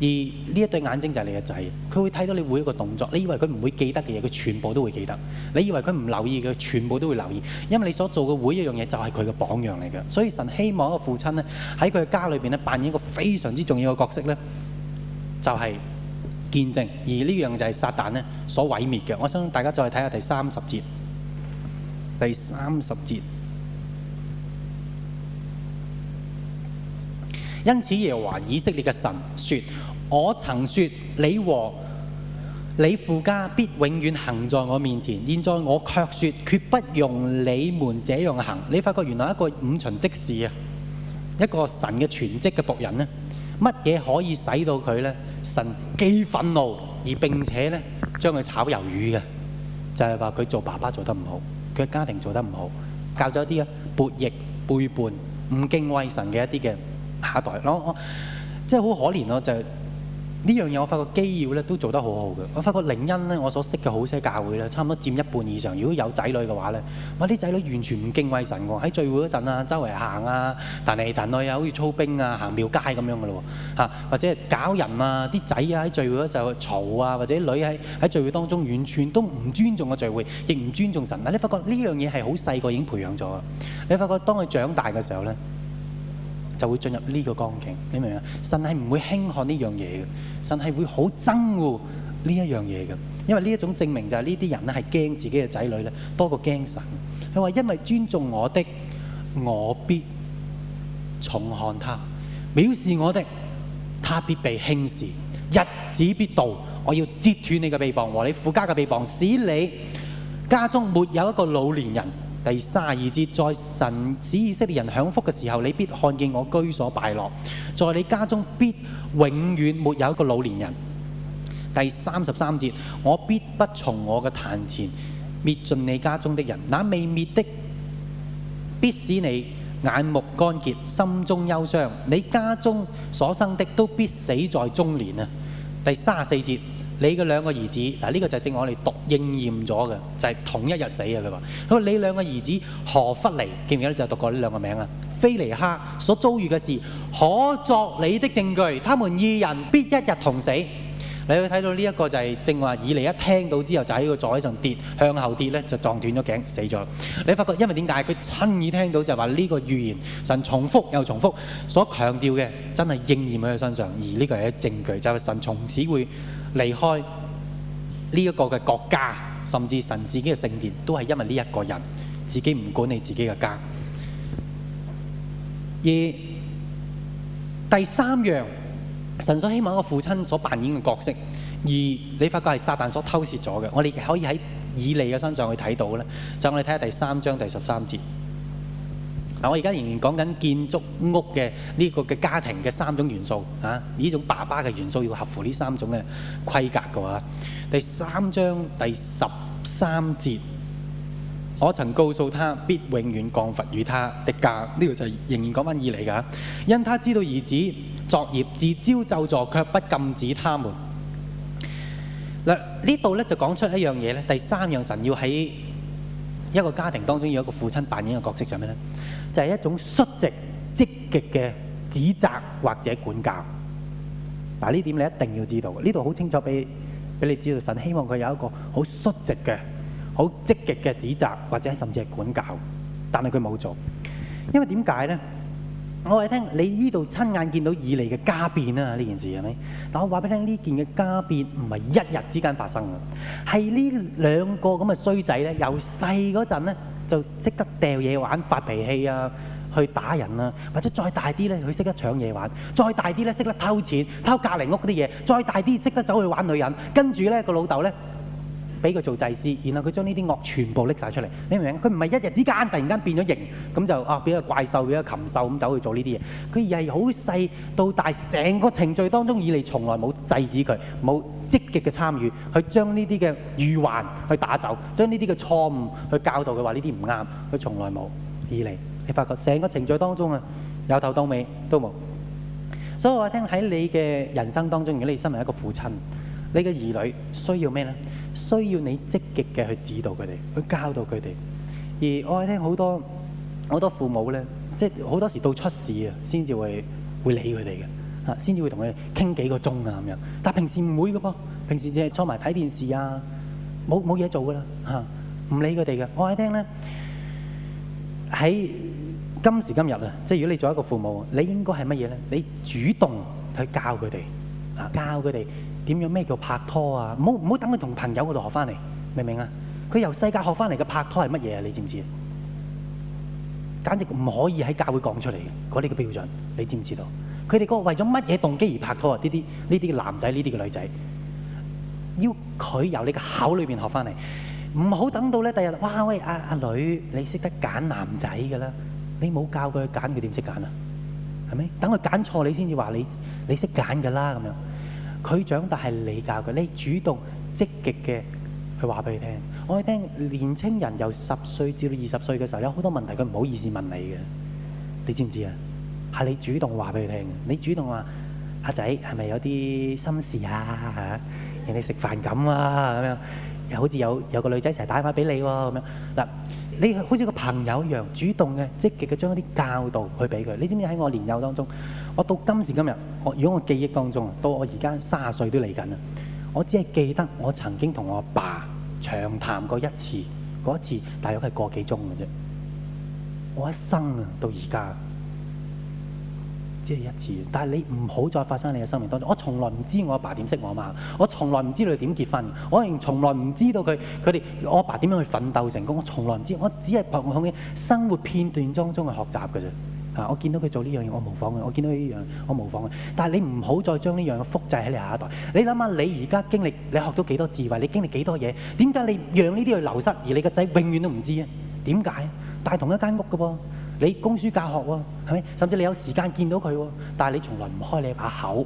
而呢一對眼睛就係你嘅仔，佢、就是、會睇到你每一個動作。你以為佢唔會記得嘅嘢，佢全部都會記得，你以為佢唔留意嘅，全部都會留意。因為你所做嘅每一樣嘢，就係佢嘅榜樣嚟嘅。所以神希望一個父親呢，喺佢嘅家裏邊咧，扮演一個非常之重要嘅角色呢，就係、是、見證。而呢樣就係撒但呢所毀滅嘅。我相信大家再睇下第三十節，第三十節。因此耶和華以色列嘅神說。我曾說你和你父家必永遠行在我面前，現在我卻說決不容你們這樣行。你發覺原來一個五旬職事啊，一個神嘅全職嘅僕人咧，乜嘢可以使到佢咧？神既憤怒而並且咧將佢炒魷魚嘅，就係話佢做爸爸做得唔好，佢家庭做得唔好，教咗一啲啊悖逆背叛唔敬畏神嘅一啲嘅下一代咯，即係好可憐咯就。呢樣嘢我發覺基要咧都做得好好嘅。我發覺靈恩咧，我所識嘅好些教會咧，差唔多佔一半以上。如果有仔女嘅話咧，哇！啲仔女完全唔敬畏神㗎。喺聚會嗰陣啊，周圍行啊，彈嚟彈去啊，好似操兵啊、行廟街咁樣嘅咯喎嚇。或者搞人啊，啲仔啊喺聚會嗰時候嘈啊，或者女喺喺聚會當中完全都唔尊重個聚會，亦唔尊重神。嗱，你發覺呢樣嘢係好細個已經培養咗啊！你發覺當佢長大嘅時候咧。就會進入呢個光景，你明唔明啊？神係唔會輕看呢樣嘢嘅，神係會好憎惡呢一樣嘢嘅，因為呢一種證明就係呢啲人咧係驚自己嘅仔女咧多過驚神。佢話：因為尊重我的，我必重看他；藐視我的，他必被輕視。日子必到，我要截斷你嘅臂膀和你父家嘅臂膀，使你家中沒有一個老年人。第三十二節，在神使以色列人享福嘅時候，你必看見我居所敗落，在你家中必永遠沒有一個老年人。第三十三節，我必不從我嘅壇前滅盡你家中的人，那未滅的必使你眼目乾竭，心中憂傷。你家中所生的都必死在中年啊！第三十四節。你嘅兩個兒子，這呢個就係正我哋讀應驗咗嘅。就係、是、同一日死的佢話，你兩個兒子何弗尼，記唔記得就係讀過呢兩個名啊？菲尼哈所遭遇嘅事，可作你的證據，他們二人必一日同死。你會睇到呢一個就係正話，以嚟一聽到之後就喺個座位上跌，向後跌咧，就撞斷咗頸死咗。你發覺因為點解？佢親耳聽到就係話呢個預言，神重複又重複所強調嘅，真係應驗喺佢身上。而呢個係一個證據，就係神從此會離開呢一個嘅國家，甚至神自己嘅聖殿，都係因為呢一個人自己唔管理自己嘅家。而第三樣。神所希望我父親所扮演嘅角色，而你發覺係撒旦所偷竊咗嘅。我哋可以喺以利嘅身上去睇到咧，就我哋睇下第三章第十三節。嗱，我而家仍然講緊建築屋嘅呢個嘅家庭嘅三種元素嚇，呢種爸爸嘅元素要合乎呢三種嘅規格嘅話，第三章第十三節，我曾告訴他必永遠降罰與他的家，呢度就係仍然講翻以利噶，因他知道兒子作業自招咒詛，卻不禁止他們。嗱，呢度咧就講出一樣嘢咧，第三樣神要喺一個家庭當中有一個父親扮演嘅角色上面，咧，就係、是、一種率直積極嘅指責或者管教。嗱，呢點你一定要知道，呢度好清楚俾俾你知道，神希望佢有一個好率直嘅、好積極嘅指責或者甚至係管教，但係佢冇做，因為點解呢？我話你聽，你呢度親眼見到以嚟嘅家變啊，呢件事係咪？但我話俾你聽，呢件嘅家變唔係一日之間發生嘅，係呢兩個咁嘅衰仔咧，由細嗰陣咧就識得掉嘢玩、發脾氣啊、去打人啊，或者再大啲咧佢識得搶嘢玩，再大啲咧識得偷錢、偷隔離屋啲嘢，再大啲識得走去玩女人，跟住咧個老豆咧。俾佢做祭司，然後佢將呢啲惡全部拎晒出嚟，你明唔明？佢唔係一日之間突然間變咗形，咁就啊俾個怪獸、俾個禽獸咁走去做呢啲嘢。佢而係好細到大，成個程序當中以嚟從來冇制止佢，冇積極嘅參與去將呢啲嘅預患去打走，將呢啲嘅錯誤去教導佢話呢啲唔啱。佢從來冇，以嚟你發覺成個程序當中啊，由頭到尾都冇。所以我話聽喺你嘅人生當中，如果你身為一個父親，你嘅兒女需要咩呢？需要你積極嘅去指導佢哋，去教導佢哋。而我係聽好多好多父母咧，即係好多時到出事啊，先至會會理佢哋嘅，嚇，先至會同佢哋傾幾個鐘啊咁樣。但係平時唔會嘅噃，平時淨係坐埋睇電視啊，冇冇嘢做噶啦，嚇，唔理佢哋嘅。我係聽咧喺今時今日啊，即係如果你做一個父母，你應該係乜嘢咧？你主動去教佢哋，嚇，教佢哋。點樣咩叫拍拖啊？唔好唔好等佢同朋友嗰度學翻嚟，明唔明啊？佢由世界學翻嚟嘅拍拖係乜嘢啊？你知唔知？簡直唔可以喺教會講出嚟嘅，嗰啲嘅標準，你知唔知道？佢哋個為咗乜嘢動機而拍拖啊？呢啲呢啲男仔，呢啲嘅女仔，要佢由你嘅口裏邊學翻嚟，唔好等到咧第日，哇喂，阿阿女，你識得揀男仔㗎啦，你冇教佢揀，佢點識揀啊？係咪？等佢揀錯你你，你先至話你你識揀㗎啦咁樣。佢長大係你教佢，你主動積極嘅去話俾佢聽。我哋聽年青人由十歲至到二十歲嘅時候，有好多問題佢唔好意思問你嘅，你知唔知啊？係你主動話俾佢聽，你主動話阿仔係咪有啲心事啊？嚇、啊，人哋食飯咁啊咁樣，又好似有有個女仔一齊打電話俾你喎咁樣嗱。你好似個朋友一樣，主動嘅、積極嘅將一啲教導去畀佢。你知唔知，喺我年幼當中，我到今時今日，我如果我記憶當中，到我而家三十歲都嚟緊，我只係記得我曾經同我爸長談過一次，嗰次大約係個幾鐘嘅啫。我一生到而家。即係一次，但係你唔好再發生喺你嘅生命當中。我從來唔知我阿爸點識我阿媽，我從來唔知佢點結婚，我連從來唔知道佢佢哋我阿爸點樣去奮鬥成功。我從來唔知，我只係從我嘅生活片段當中去學習嘅啫。啊，我見到佢做呢樣嘢，我模仿佢；我見到佢呢樣，我模仿佢。但係你唔好再將呢樣嘢複製喺你下一代。你諗下，你而家經歷，你學到幾多智慧，你經歷幾多嘢？點解你讓呢啲去流失，而你個仔永遠都唔知啊？點解？但係同一間屋嘅噃。你供書教學喎，係咪？甚至你有時間見到佢，但係你從來唔開你把口，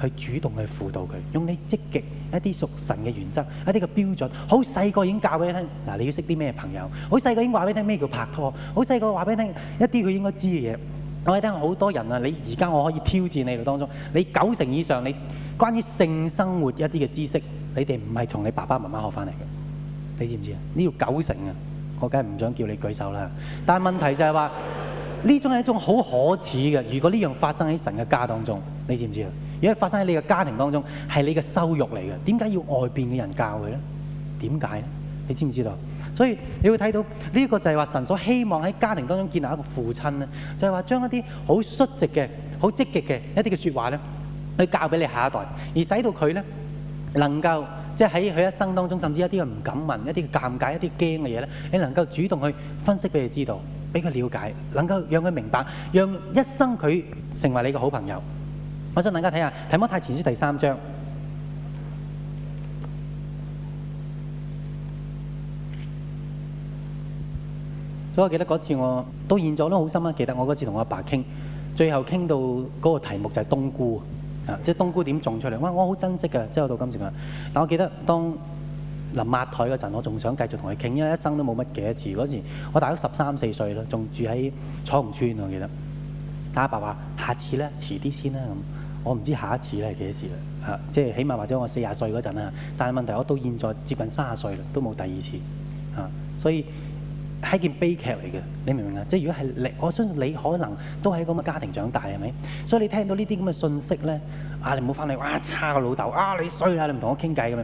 去主動去輔導佢，用你積極一啲屬神嘅原則，一啲嘅標準，好細個已經教俾你聽。嗱，你要識啲咩朋友？好細個已經話俾你聽咩叫拍拖？好細個話俾你聽一啲佢應該知嘅嘢。我哋聽好多人啊，你而家我可以挑戰你哋當中，你九成以上你關於性生活一啲嘅知識，你哋唔係從你爸爸媽媽學翻嚟嘅，你知唔知啊？呢要九成啊！我梗係唔想叫你舉手啦，但係問題就係話呢種係一種好可恥嘅。如果呢樣發生喺神嘅家當中，你知唔知啊？如果發生喺你嘅家庭當中，係你嘅羞辱嚟嘅。點解要外邊嘅人教佢呢？點解呢？你知唔知道？所以你會睇到呢一個就係話神所希望喺家庭當中建立一個父親呢，就係話將一啲好率直嘅、好積極嘅一啲嘅説話呢，去教俾你下一代，而使到佢呢能夠。即係喺佢一生當中，甚至一啲佢唔敢問、一啲佢尷尬、一啲驚嘅嘢咧，你能夠主動去分析俾佢知道，俾佢瞭解，能夠讓佢明白，讓一生佢成為你嘅好朋友。我想大家睇下《提摩太前書》第三章。所以我記得嗰次我到現在都好深刻，記得我嗰次同我阿爸傾，最後傾到嗰個題目就係冬菇。即係冬菇點種出嚟？哇！我好珍惜嘅，即係我到今時今日。嗱，我記得當嗱抹台嗰陣，我仲想繼續同佢傾，因為一生都冇乜幾多次嗰時。我大概十三四歲啦，仲住喺彩虹村，我記得。但阿爸話：下次咧，遲啲先啦咁。我唔知下一次咧係幾多時啦。啊，即係起碼或者我四廿歲嗰陣啊。但係問題是我到現在接近三十歲啦，都冇第二次。啊，所以。係件悲劇嚟嘅，你明唔明啊？即係如果係你，我相信你可能都喺咁嘅家庭長大，係咪？所以你聽到呢啲咁嘅信息咧，啊你唔好翻嚟，哇差個老豆，啊你衰啦，你唔同我傾偈咁樣。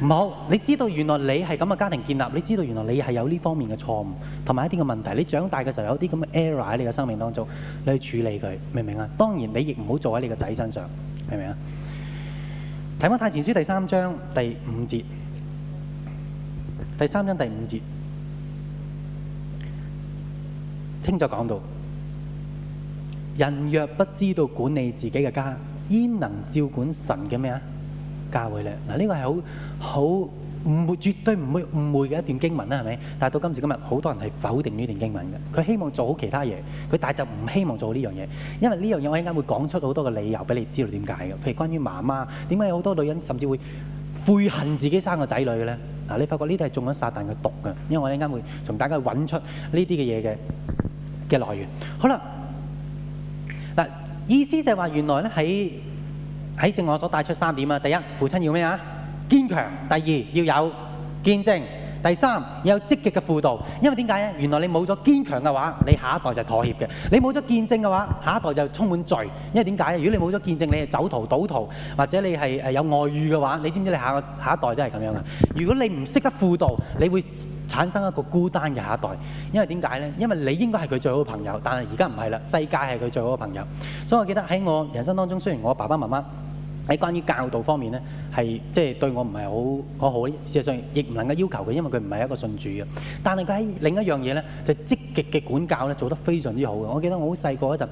唔好，你知道原來你係咁嘅家庭建立，你知道原來你係有呢方面嘅錯誤同埋一啲嘅問題。你長大嘅時候有啲咁嘅 error 喺你嘅生命當中，你去處理佢，明唔明啊？當然你亦唔好做喺你個仔身上，明唔明啊？睇翻《太前書》第三章第五節，第三章第五節。清楚講到，人若不知道管理自己嘅家，焉能照管神嘅咩啊？教會咧，嗱呢個係好好唔會絕對唔會誤會嘅一段經文啦，係咪？但係到今時今日，好多人係否定呢段經文嘅，佢希望做好其他嘢，佢但係就唔希望做好呢樣嘢，因為呢樣嘢我一間會講出好多嘅理由俾你知道點解嘅，譬如關於媽媽，點解有好多女人甚至會悔恨自己生個仔女嘅咧？嗱，你發覺呢啲係中咗撒旦嘅毒嘅，因為我一陣間會同大家揾出呢啲嘅嘢嘅。嘅來源，好啦，嗱，意思就係話原來咧喺喺正我所帶出三點啊，第一父親要咩啊？堅強。第二要有見證。第三要有積極嘅輔導。因為點解咧？原來你冇咗堅強嘅話，你下一代就妥協嘅；你冇咗見證嘅話，下一代就充滿罪。因為點解？如果你冇咗見證，你係走徒、賭徒，或者你係誒有外遇嘅話，你知唔知你下個下一代都係咁樣啊？如果你唔識得輔導，你會。產生一個孤單嘅下一代，因為點解呢？因為你應該係佢最好嘅朋友，但係而家唔係啦。世界係佢最好嘅朋友，所以我記得喺我人生當中，雖然我爸爸媽媽喺關於教導方面呢係即係對我唔係好好好，事實上，亦唔能夠要求佢，因為佢唔係一個信主嘅。但係佢喺另一樣嘢呢就積極嘅管教呢做得非常之好嘅。我記得我好細個嗰陣，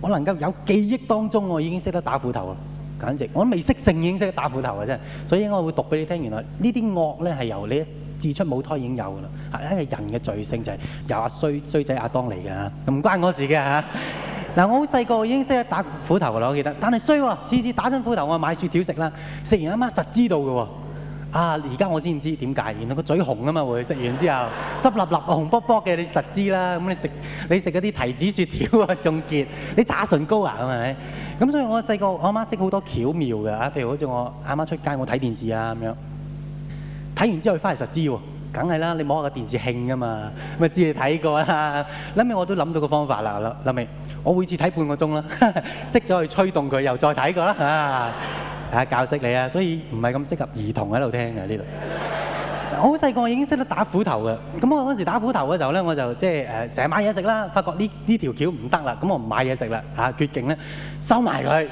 我能夠有記憶當中，我已經識得打斧頭啦，簡直我未識性已經識得打斧頭嘅啫，所以應該我會讀俾你聽，原來呢啲惡呢係由你，自出冇胎已經有㗎啦，嚇！因為人嘅罪性就係由阿衰衰仔阿當嚟㗎，唔關我自己嚇。嗱， 我好細個已經識得打斧頭㗎啦，我記得。但係衰喎，次次打親斧頭，我買雪條食啦，食完阿媽實知道嘅喎。啊，而家我知唔知點解？原來個嘴紅啊嘛，會食完之後濕立立、紅卜卜嘅，你實知啦。咁你食你食嗰啲提子雪條啊，仲結你炸唇膏啊，係咪？咁所以我細個我阿媽識好多巧妙嘅，譬如好似我阿媽出街，我睇電視啊咁樣。睇完之後去翻嚟實知喎，梗係啦，你摸下個電視興㗎嘛，咪知你睇過啦。諗起我都諗到個方法啦，諗起我每次睇半個鐘啦，識咗去吹動佢，又再睇過啦。啊，教識你啊，所以唔係咁適合兒童喺度聽嘅呢度。好細個已經識得打斧頭嘅，咁我嗰陣時打斧頭嘅時候咧，我就即係誒成日買嘢食啦，發覺這這、啊、呢呢條橋唔得啦，咁我唔買嘢食啦，嚇絕境咧收埋佢，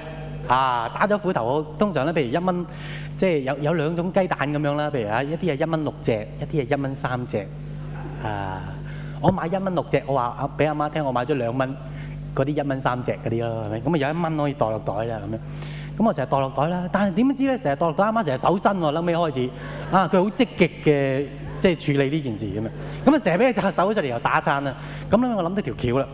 嚇打咗斧頭，通常咧譬如一蚊。即係有有兩種雞蛋咁樣啦，譬如啊，一啲係一蚊六隻，一啲係、uh, 一蚊三隻。啊，我買一蚊六隻，我話阿俾阿媽聽，我買咗兩蚊嗰啲一蚊三隻嗰啲咯，係咪咁啊？有一蚊可以袋落袋啦咁樣。咁我成日袋落袋啦，但係點知咧？成日袋落袋，阿媽成日手伸喎，諗未開始啊！佢好積極嘅，即係處理呢件事咁樣。咁啊，成日俾佢扎手出嚟又打餐啊。咁咧，我諗到條橋啦。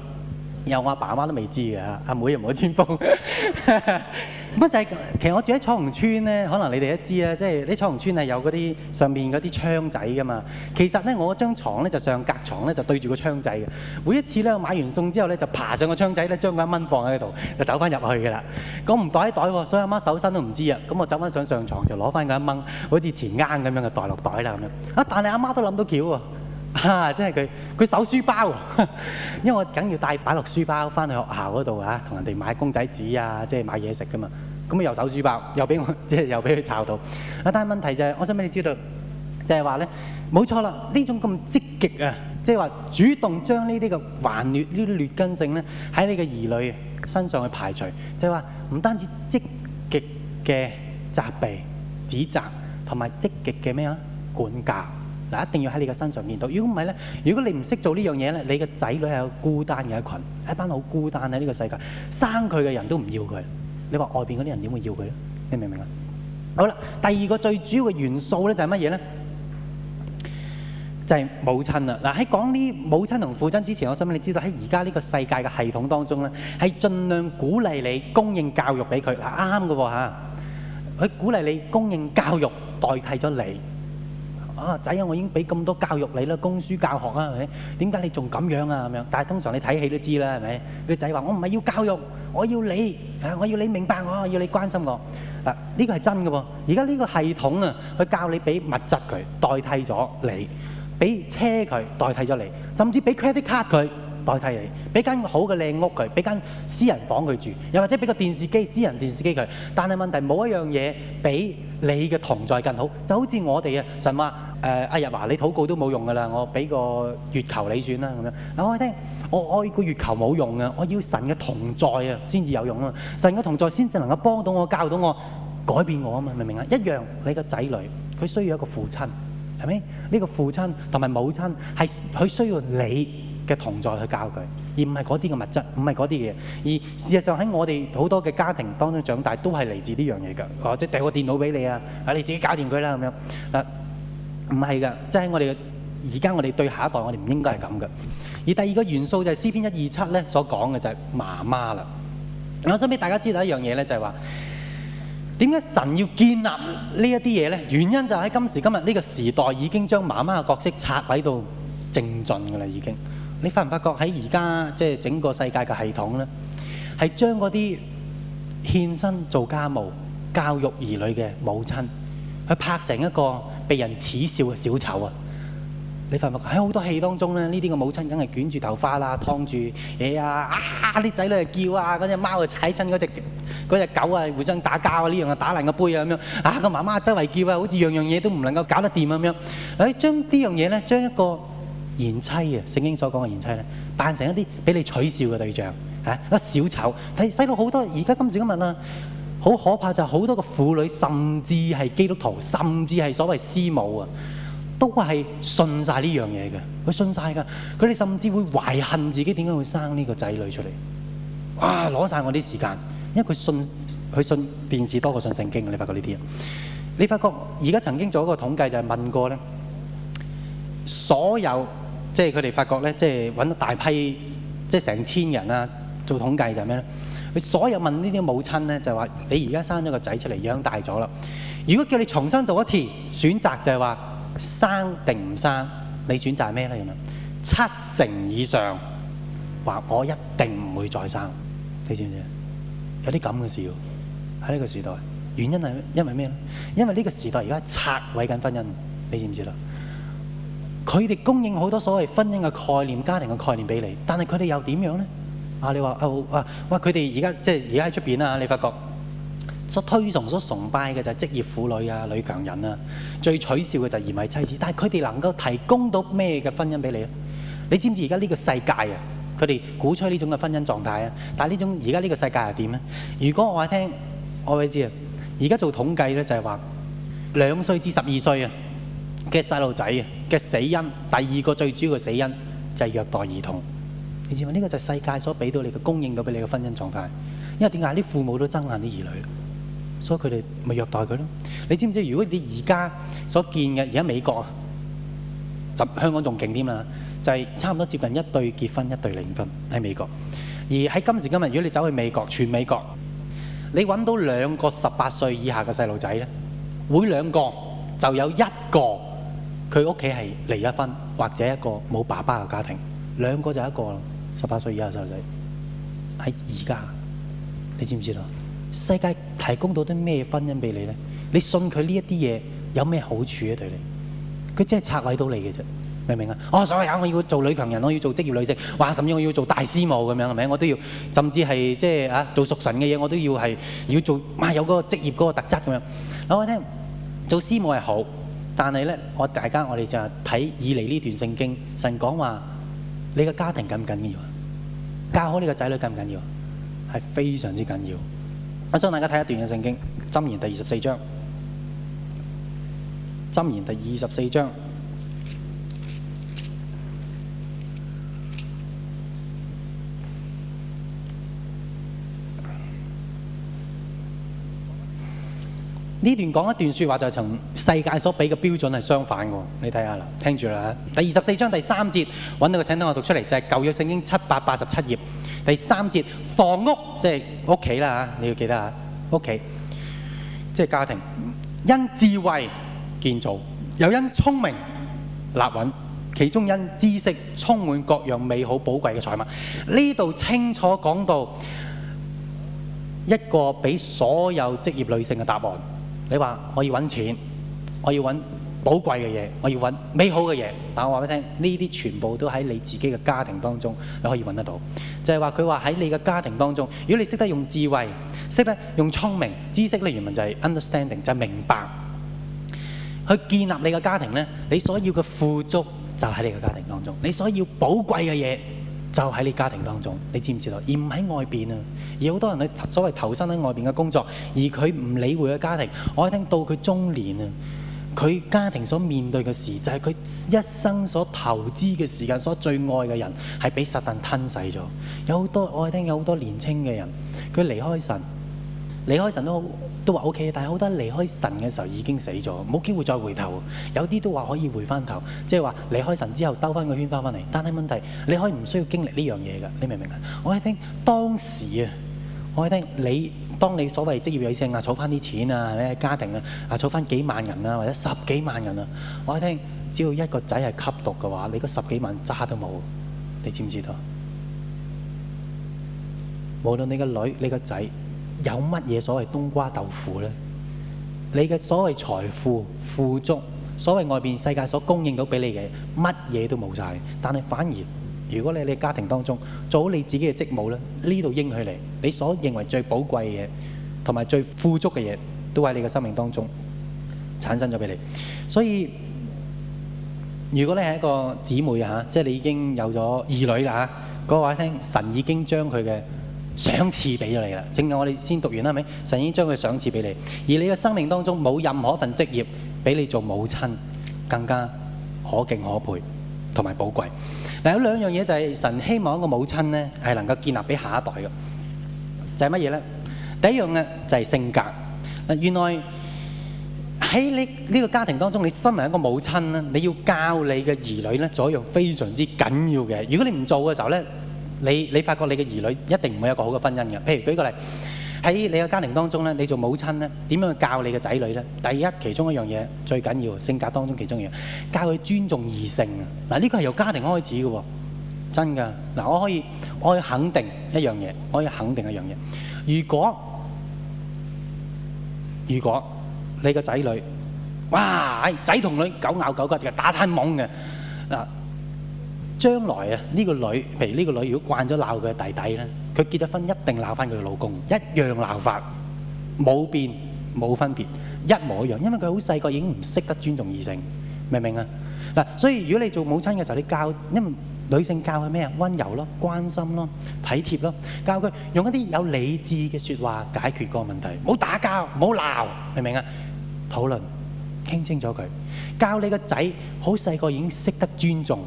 有我阿爸阿媽,媽都未知嘅阿妹又唔好穿幫。咁就係其實我住喺彩虹村咧，可能你哋都知啦，即係啲彩虹村係有嗰啲上面嗰啲窗仔噶嘛。其實咧我張床咧就上隔床咧就對住個窗仔嘅。每一次咧買完餸之後咧就爬上個窗仔咧將嗰一蚊放喺度，就走翻入去噶啦。咁唔袋喺袋喎，所以阿媽搜身都唔知啊。咁我走翻上上床，就攞翻嗰一蚊，好似錢罌咁樣嘅袋落袋啦咁樣。啊！但係阿媽都諗到橋喎。嚇、啊！真係佢，佢手書包喎， 因為我梗要帶擺落書包翻去學校嗰度啊，同人哋買公仔紙啊，即係買嘢食噶嘛。咁又手書包，又俾我，即係又俾佢抄到。啊，但係問題就係、是，我想俾你知道，就係話咧，冇錯啦，呢種咁積極啊，即係話主動將呢啲嘅頑劣呢啲劣根性咧，喺你嘅兒女身上去排除，就係話唔單止積極嘅責備、指責，同埋積極嘅咩啊管教。嗱，一定要喺你嘅身上見到。如果唔係咧，如果你唔識做呢樣嘢咧，你嘅仔女係有孤單嘅一群，一班好孤單喺呢個世界，生佢嘅人都唔要佢，你話外邊嗰啲人點會要佢咧？你明唔明啊？好啦，第二個最主要嘅元素咧就係乜嘢咧？就係母親啦。嗱，喺講呢母親同父親之前，我想問你知道喺而家呢個世界嘅系統當中咧，係盡量鼓勵你供應教育俾佢。嗱、啊，啱嘅喎嚇，佢鼓勵你供應教育代替咗你。啊仔啊！我已經俾咁多教育你啦，公書教學啊，係咪？點解你仲咁樣啊？咁樣，但係通常你睇戲都知啦，係咪？個仔話：我唔係要教育，我要你啊！我要你明白我，我要你關心我。啊，呢個係真嘅喎！而家呢個系統啊，佢教你俾物質佢，代替咗你，俾車佢，代替咗你，甚至俾 credit card 佢。代替你，俾間好嘅靚屋佢，俾間私人房佢住，又或者俾個電視機、私人電視機佢。但係問題，冇一樣嘢比你嘅同在更好。就好似我哋啊，神話誒阿日華，你禱告都冇用噶啦，我俾個月球你算啦咁樣。我聽，我愛個月球冇用噶，我要神嘅同在啊，先至有用啊。神嘅同在先至能夠幫到我、教到我、改變我啊嘛，明唔明啊？一樣，你個仔女佢需要一個父親，係咪？呢個父親同埋母親係佢需要你嘅同在去教佢，而唔係嗰啲嘅物質，唔係嗰啲嘢。而事實上喺我哋好多嘅家庭當中長大，都係嚟自呢樣嘢㗎。即係遞個電腦俾你啊，啊你自己搞掂佢啦咁樣。啊，唔係㗎，即係我哋而家我哋對下一代，我哋唔應該係咁嘅。而第二個元素就係詩篇一二七咧所講嘅就係媽媽啦。我想俾大家知道一樣嘢咧，就係話點解神要建立這些呢一啲嘢咧？原因就喺今時今日呢個時代已經將媽媽嘅角色拆毀到正盡㗎啦，已經。你發唔發覺喺而家即係整個世界嘅系統咧，係將嗰啲獻身做家務、教育兒女嘅母親，去拍成一個被人恥笑嘅小丑啊！你發唔發覺喺好多戲當中咧，呢啲嘅母親梗係捲住頭花啦、燙住嘢啊、啊啲仔女又叫啊、嗰、嗰、隻貓啊踩親嗰隻隻狗啊互相打交啊、呢樣啊打爛個杯啊咁樣啊個媽媽周圍叫啊，媽媽叫好似樣樣嘢都唔能夠搞得掂啊咁樣。誒將呢樣嘢咧，將一個。賢妻啊！聖經所講嘅賢妻咧，扮成一啲俾你取笑嘅對象嚇，一、啊、小丑。睇細路好多，而家今時今日啦，好可怕就係好多個婦女，甚至係基督徒，甚至係所謂師母啊，都係信晒呢樣嘢嘅，佢信晒㗎。佢哋甚至會懷恨自己點解會生呢個仔女出嚟。啊，攞晒我啲時間，因為佢信佢信電視多過信聖經！你發覺呢啲啊？你發覺而家曾經做一個統計，就係問過咧，所有。即係佢哋發覺咧，即係揾咗大批，即係成千人啦，做統計就係咩咧？佢所有問呢啲母親咧，就係話：你而家生咗個仔出嚟，養大咗啦。如果叫你重新做一次選擇就說，就係話生定唔生？你選擇係咩咧？原來七成以上話我一定唔會再生。你知唔知道？有啲咁嘅事喎，喺呢個時代。原因係因為咩咧？因為呢個時代而家拆毀緊婚姻。你知唔知啦？佢哋供應好多所謂婚姻嘅概念、家庭嘅概念俾你，但係佢哋又點樣呢？啊，你話啊、哦，哇！佢哋而家即係而家喺出邊啊。你發覺所推崇、所崇拜嘅就係職業婦女啊、女強人啊，最取笑嘅就係賢惠妻子。但係佢哋能夠提供到咩嘅婚姻俾你咧？你知唔知而家呢個世界啊？佢哋鼓吹呢種嘅婚姻狀態啊，但係呢種而家呢個世界係點呢？如果我話聽，我會知啊。而家做統計呢，就係話兩歲至十二歲啊，嘅細路仔嘅死因，第二個最主要嘅死因就係虐待兒童。你知唔知呢個就係世界所俾到你嘅供應到俾你嘅婚姻狀態？因為點解啲父母都憎恨啲兒女，所以佢哋咪虐待佢咯？你知唔知如果你而家所見嘅而家美國啊，就香港仲勁啲嘛？就係差唔多接近一對結婚一對離婚喺美國。而喺今時今日，如果你走去美國，全美國，你揾到兩個十八歲以下嘅細路仔咧，每兩個就有一個。佢屋企係離咗婚，或者一個冇爸爸嘅家庭，兩個就一個十八歲以下細路仔，喺而家，你知唔知道？世界提供到啲咩婚姻俾你咧？你信佢呢一啲嘢有咩好處啊？對你，佢只係拆毀到你嘅啫，明唔明啊？哦，所以啊，我要做女強人，我要做職業女性，哇！甚至我要做大師母咁樣，係咪？我都要，甚至係即係啊，做屬神嘅嘢，我都要係要做，哇、啊！有個職業嗰個特質咁樣。講我聽，做師母係好。但係呢，我大家我哋就睇以嚟呢段聖經，神講話你個家庭緊唔緊要啊？教好你個仔女緊唔緊要啊？係非常之緊要。我想大家睇一段嘅聖經，《箴言》第二十四章，《箴言》第二十四章。呢段講一段說話，就係從世界所俾嘅標準係相反嘅喎。你睇下啦，聽住啦。第二十四章第三節揾到個請，等我讀出嚟，就係舊約聖經七百八十七頁第三節。房屋即係屋企啦，你要記得嚇，屋企，即係家庭。因智慧建造，又因聰明立穩，其中因知識充滿各樣美好寶貴嘅財物。呢度清楚講到一個俾所有職業女性嘅答案。你話我要揾錢，我要揾寶貴嘅嘢，我要揾美好嘅嘢。但我話俾你聽，呢啲全部都喺你自己嘅家庭當中，你可以揾得到。就係話佢話喺你嘅家庭當中，如果你識得用智慧，識得用聰明，知識咧原文就係 understanding，就係明白。去建立你嘅家庭咧，你所要嘅富足就喺你嘅家庭當中，你所要寶貴嘅嘢就喺你家庭當中，你知唔知道？而唔喺外邊。而好多人去所謂投身喺外邊嘅工作，而佢唔理會嘅家庭。我一聽到佢中年啊，佢家庭所面對嘅事，就係、是、佢一生所投資嘅時間，所最愛嘅人，係俾實彈吞噬咗。有好多我一聽有好多年青嘅人，佢離開神，離開神都都話 OK 但係好多離開神嘅時候已經死咗，冇機會再回頭。有啲都話可以回翻頭，即係話離開神之後兜翻個圈翻返嚟。但係問題，你可以唔需要經歷呢樣嘢㗎，你明唔明啊？我一聽當時啊～我一聽你，當你所謂的職業女性啊，儲翻啲錢啊，你係家庭啊，啊儲翻幾萬人啊，或者十幾萬人啊，我一聽，只要一個仔係吸毒嘅話，你嗰十幾萬渣都冇，你知唔知道？無論你個女、你個仔有乜嘢所謂冬瓜豆腐咧，你嘅所謂財富富足，所謂外邊世界所供應到俾你嘅乜嘢都冇晒。但係反而。如果你喺你家庭當中做好你自己嘅職務咧，呢度應許你你所認為最寶貴嘅嘢，同埋最富足嘅嘢，都喺你嘅生命當中產生咗俾你。所以，如果你係一個姊妹嚇、啊，即係你已經有咗兒女啦嚇，嗰、啊、位聽神已經將佢嘅賞賜俾咗你啦。正係我哋先讀完啦，係咪？神已經將佢賞賜俾你,你，而你嘅生命當中冇任何一份職業俾你做母親更加可敬可佩同埋寶貴。嗱，有兩樣嘢就係神希望一個母親咧，係能夠建立俾下一代嘅，就係乜嘢咧？第一樣咧，就係性格。原來喺呢呢個家庭當中，你身為一個母親啦，你要教你嘅兒女咧，作用非常之緊要嘅。如果你唔做嘅時候咧，你你發覺你嘅兒女一定唔會有個好嘅婚姻嘅。譬如舉個例。喺你嘅家庭當中咧，你做母親咧，點樣去教你嘅仔女咧？第一，其中一樣嘢最緊要，性格當中其中一樣，教佢尊重異性。嗱，呢個係由家庭開始嘅喎，真㗎。嗱，我可以，我可以肯定一樣嘢，我可以肯定一樣嘢。如果如果你嘅仔女，哇，仔、哎、同女狗咬狗骨就打餐懵嘅嗱。將來啊，呢個女，譬如呢個女，如果慣咗鬧佢嘅弟弟呢，佢結咗婚一定鬧翻佢老公，一樣鬧法，冇變，冇分別，一模一樣，因為佢好細個已經唔識得尊重異性，明唔明啊？嗱，所以如果你做母親嘅時候，你教，因為女性教佢咩啊？溫柔咯，關心咯，體貼咯，教佢用一啲有理智嘅説話解決個問題，唔好打交，唔好鬧，明唔明啊？討論，傾清楚佢，教你個仔好細個已經識得尊重。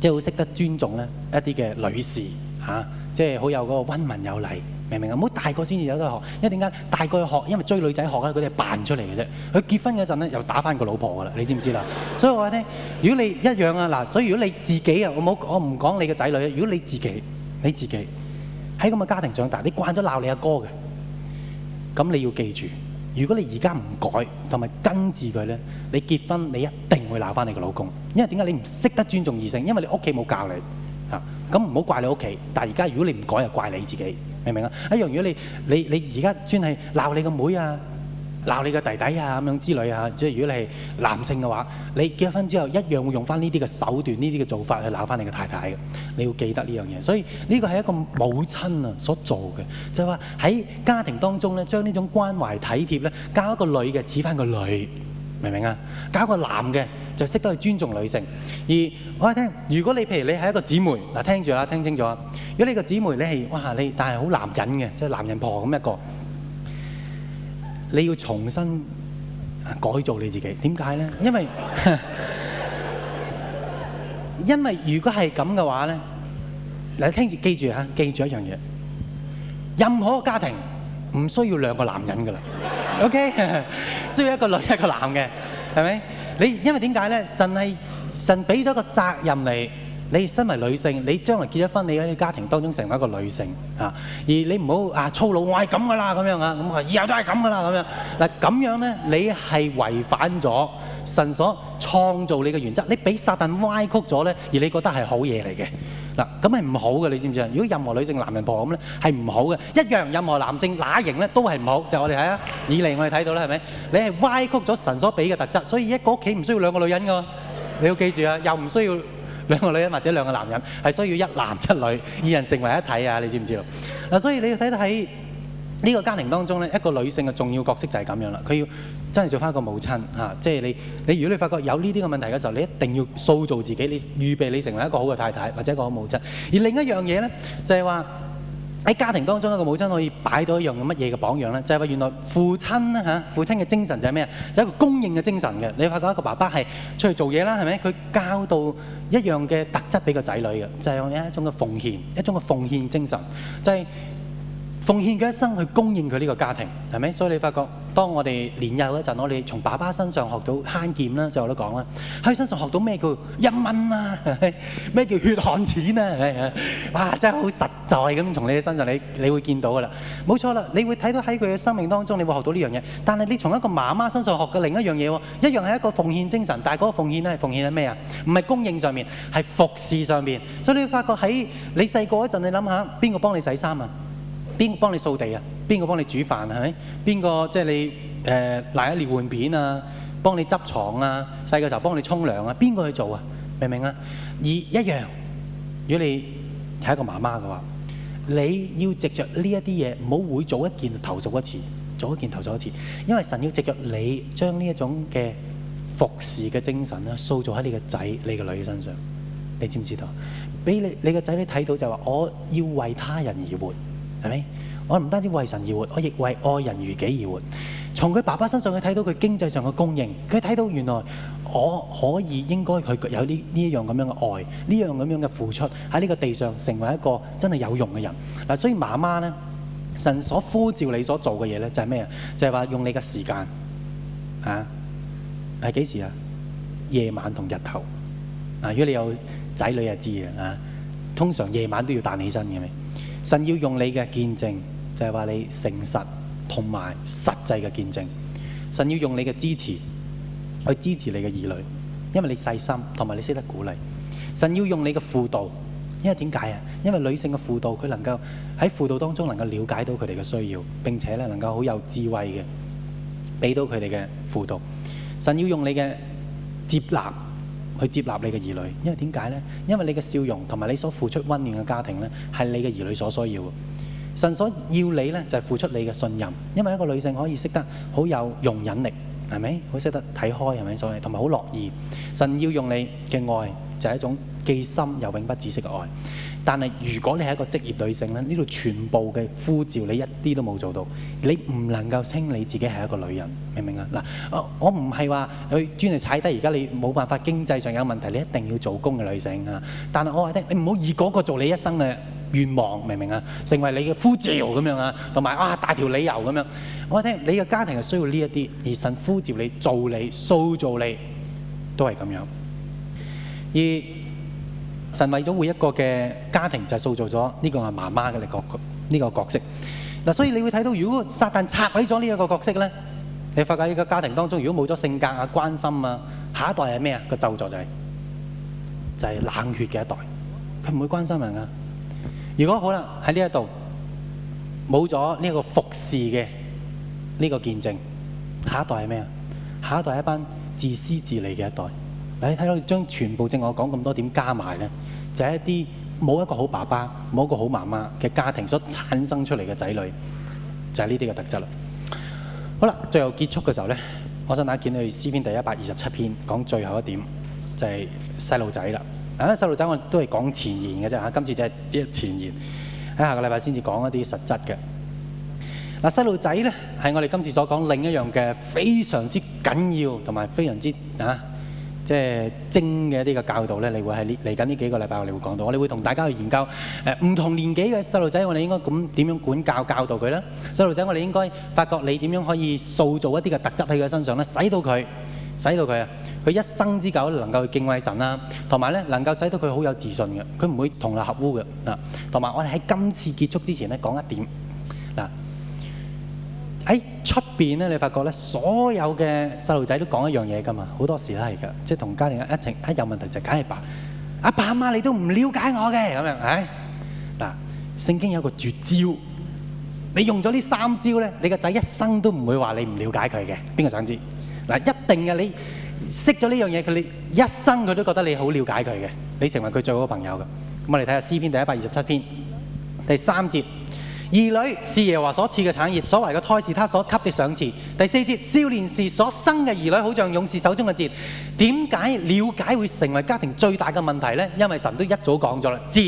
即係好識得尊重咧一啲嘅女士嚇，即係好有嗰個溫文有禮，明唔明啊？唔好大個先至有得學，因為點解大個去學？因為追女仔學啊，佢哋係扮出嚟嘅啫。佢結婚嗰陣咧，又打翻個老婆噶啦，你知唔知啦？所以我話咧，如果你一樣啊嗱，所以如果你自己啊，我唔講你嘅仔女啊，如果你自己你自己喺咁嘅家庭長大，你慣咗鬧你阿哥嘅，咁你要記住。如果你而家唔改同埋根治佢咧，你結婚你一定會鬧翻你個老公，因為點解你唔識得尊重異性？因為你屋企冇教你啊！咁唔好怪你屋企，但係而家如果你唔改，就怪你自己，明唔明啊？一樣如果你你你而家專係鬧你個妹妹啊！鬧你個弟弟啊咁樣之類啊，即係如果你係男性嘅話，你結婚之後一樣會用翻呢啲嘅手段、呢啲嘅做法去鬧翻你嘅太太嘅。你要記得呢樣嘢，所以呢個係一個母親啊所做嘅，就係話喺家庭當中咧，將呢種關懷體貼咧，教一個女嘅指翻個女，明唔明啊？教一個男嘅就識得去尊重女性。而我一聽，如果你譬如你係一個姊妹嗱，聽住啦，聽清楚啊。如果你個姊妹你係哇你，但係好男人嘅，即係男人婆咁一個。你要重新改造你自己，點解呢？因為因為如果係咁嘅話呢，你，聽住記住嚇，記住一樣嘢，任何個家庭唔需要兩個男人㗎啦，OK，需要一個女一個男嘅，係咪？你因為點解呢？神係神俾咗個責任你。你身為女性，你將來結咗婚，你喺家庭當中成為一個女性啊！而你唔好啊粗魯，我係咁噶啦，咁樣啊，咁啊，以後都係咁噶啦，咁樣嗱，咁樣咧，你係違反咗神所創造你嘅原則，你俾撒旦歪曲咗咧，而你覺得係好嘢嚟嘅嗱，咁係唔好嘅，你知唔知啊？如果任何女性男人婆咁咧，係唔好嘅，一樣任何男性乸型咧都係唔好，就我哋睇啊，以嚟我哋睇到咧，係咪？你係歪曲咗神所俾嘅特質，所以一個屋企唔需要兩個女人噶，你要記住啊，又唔需要。兩個女人或者兩個男人，係需要一男一女二人成為一體啊！你知唔知道？嗱，所以你要睇得喺呢個家庭當中咧，一個女性嘅重要角色就係咁樣啦。佢要真係做翻一個母親吓，即係你你如果你發覺有呢啲嘅問題嘅時候，你一定要塑造自己，你預備你成為一個好嘅太太或者一個好母親。而另一樣嘢咧就係話。喺家庭當中，一個母親可以擺到一樣乜嘢嘅榜樣呢？就係話原來父親呢，父親嘅精神就係咩啊？就係一個公認嘅精神嘅。你發覺一個爸爸係出去做嘢啦，係咪？佢教導一樣嘅特質畀個仔女嘅，就係一種嘅奉獻，一種嘅奉獻精神，就係奉獻佢一生去供應佢呢個家庭，係咪？所以你發覺，當我哋年幼嗰陣，我哋從爸爸身上學到慳儉啦，就我都講啦。喺身上學到咩叫一蚊啦？咩叫血汗錢啊？哇！真係好實在咁，從你嘅身上你你會見到噶啦。冇錯啦，你會睇到喺佢嘅生命當中，你會學到呢樣嘢。但係你從一個媽媽身上學嘅另一樣嘢喎，一樣係一個奉獻精神。但係嗰個奉獻咧係奉獻喺咩啊？唔係供應上面，係服侍上面。所以你發覺喺你細個嗰陣，你諗下邊個幫你洗衫啊？邊個幫你掃地啊？邊個幫你煮飯啊？係咪？邊個即係你誒？拿、呃、一列換片啊？幫你執床啊？細個時候幫你沖涼啊？邊個去做啊？明唔明啊？而一樣，如果你係一個媽媽嘅話，你要藉着呢一啲嘢，唔好會做一件投訴一次，做一件投訴一次，因為神要藉著你將呢一種嘅服侍嘅精神咧，塑造喺你個仔、你個女身上。你知唔知道？俾你你個仔你睇到就話：我要為他人而活。係咪？我唔單止為神而活，我亦為愛人如己而活。從佢爸爸身上，佢睇到佢經濟上嘅供應，佢睇到原來我可以應該佢有呢呢一樣咁樣嘅愛，呢樣咁樣嘅付出，喺呢個地上成為一個真係有用嘅人。嗱，所以媽媽呢，神所呼召你所做嘅嘢呢就係咩、就是、啊？就係話用你嘅時間啊，係幾時啊？夜晚同日頭。嗱、啊，如果你有仔女就知嘅啊，通常夜晚都要彈起身嘅。神要用你嘅見證，就係話你誠實同埋實際嘅見證。神要用你嘅支持去支持你嘅兒女，因為你細心同埋你識得鼓勵。神要用你嘅輔導，因為點解啊？因為女性嘅輔導，佢能夠喺輔導當中能夠了解到佢哋嘅需要，並且咧能夠好有智慧嘅，俾到佢哋嘅輔導。神要用你嘅接納。去接納你嘅兒女，因為點解咧？因為你嘅笑容同埋你所付出溫暖嘅家庭咧，係你嘅兒女所需要嘅。神所要你咧，就係付出你嘅信任，因為一個女性可以識得好有容忍力，係咪？好識得睇開，係咪？所謂同埋好樂意。神要用你嘅愛，就係一種既深又永不止息嘅愛。但係如果你係一個職業女性咧，呢度全部嘅呼召你一啲都冇做到，你唔能夠稱你自己係一個女人，明唔明啊？嗱，我我唔係話去專嚟踩低，而家你冇辦法經濟上有問題，你一定要做工嘅女性啊。但係我話聽，你唔好以嗰個做你一生嘅願望，明唔明啊？成為你嘅呼召咁樣啊，同埋啊大條理由咁樣。我話聽，你嘅家庭係需要呢一啲而神呼召你做你、塑造你，都係咁樣。而神為咗每一個嘅家庭，就塑造咗呢個係媽媽嘅角色，呢個角色。嗱，所以你會睇到，如果撒旦拆毀咗呢一個角色咧，你發覺呢個家庭當中，如果冇咗性格啊、關心啊，下一代係咩啊？個咒助就係就係冷血嘅一代，佢唔會關心人噶。如果好啦，喺呢一度冇咗呢一個服侍嘅呢個見證，下一代係咩啊？下一代係一班自私自利嘅一代。你睇到將全部正我講咁多點加埋咧，就係一啲冇一個好爸爸、冇一個好媽媽嘅家庭所產生出嚟嘅仔女，就係呢啲嘅特質啦。好啦，最後結束嘅時候咧，我想睇下見到詩篇第一百二十七篇講最後一點就係細路仔啦。嗱，細路仔我都係講前言嘅啫嚇，今次就係前言，喺下個禮拜先至講一啲實質嘅嗱。細路仔咧係我哋今次所講另一樣嘅非常之緊要同埋非常之啊～即係精嘅一啲嘅教導咧，你會喺呢嚟緊呢幾個禮拜，我哋會講到。我哋會同大家去研究誒唔同年紀嘅細路仔，我哋應該咁點樣管教、教導佢咧？細路仔，我哋應該發覺你點樣可以塑造一啲嘅特質喺佢身上咧，使到佢使到佢啊，佢一生之久能夠敬畏神啦，同埋咧能夠使到佢好有自信嘅，佢唔會同流合污嘅嗱。同埋我哋喺今次結束之前咧講一點。喺出面咧？你發覺咧，所有嘅細路仔都講一樣嘢噶嘛？好多時咧係噶，即係同家庭一一有問題就梗係爸阿爸阿媽，你都唔瞭解我嘅咁樣。唉，嗱，聖經有個絕招，你用咗呢三招咧，你個仔一生都唔會話你唔瞭解佢嘅。邊個想知？嗱，一定嘅，你識咗呢樣嘢，佢，你一生佢都覺得你好瞭解佢嘅，你成為佢最好嘅朋友嘅。咁我哋睇下詩篇第一百二十七篇第三節。兒女，是耶和華，所賜嘅產業，所謂嘅胎係祂所給嘅賞賜。第四節，少年時所生嘅兒女，好像勇士手中嘅箭。點解了解會成為家庭最大嘅問題呢？因為神都一早講咗喇。箭，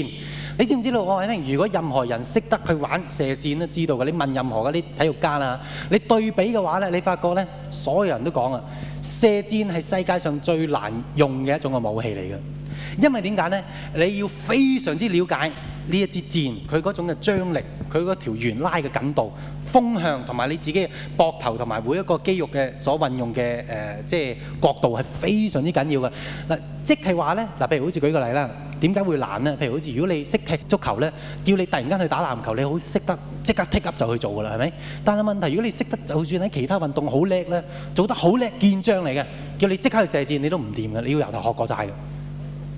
你知唔知道？我話你知，如果任何人識得去玩射箭，都知道嘅。你問任何嗰啲體育家啦，你對比嘅話呢，你發覺呢，所有人都講啊，射箭係世界上最難用嘅一種嘅武器嚟嘅。因為點解呢？你要非常之了解呢一支箭，佢嗰種嘅張力，佢嗰條弦拉嘅緊度、風向同埋你自己膊頭同埋每一個肌肉嘅所運用嘅誒，即係角度係非常之緊要嘅。嗱，即係話呢，嗱，譬如好似舉個例啦，點解會難呢？譬如好似如果你識踢足球呢，叫你突然間去打籃球，你好識得即刻踢入就去做㗎啦，係咪？但係問題，如果你識得，就算喺其他運動好叻呢，做得好叻，見將嚟嘅，叫你即刻去射箭，你都唔掂嘅，你要由頭學過齋。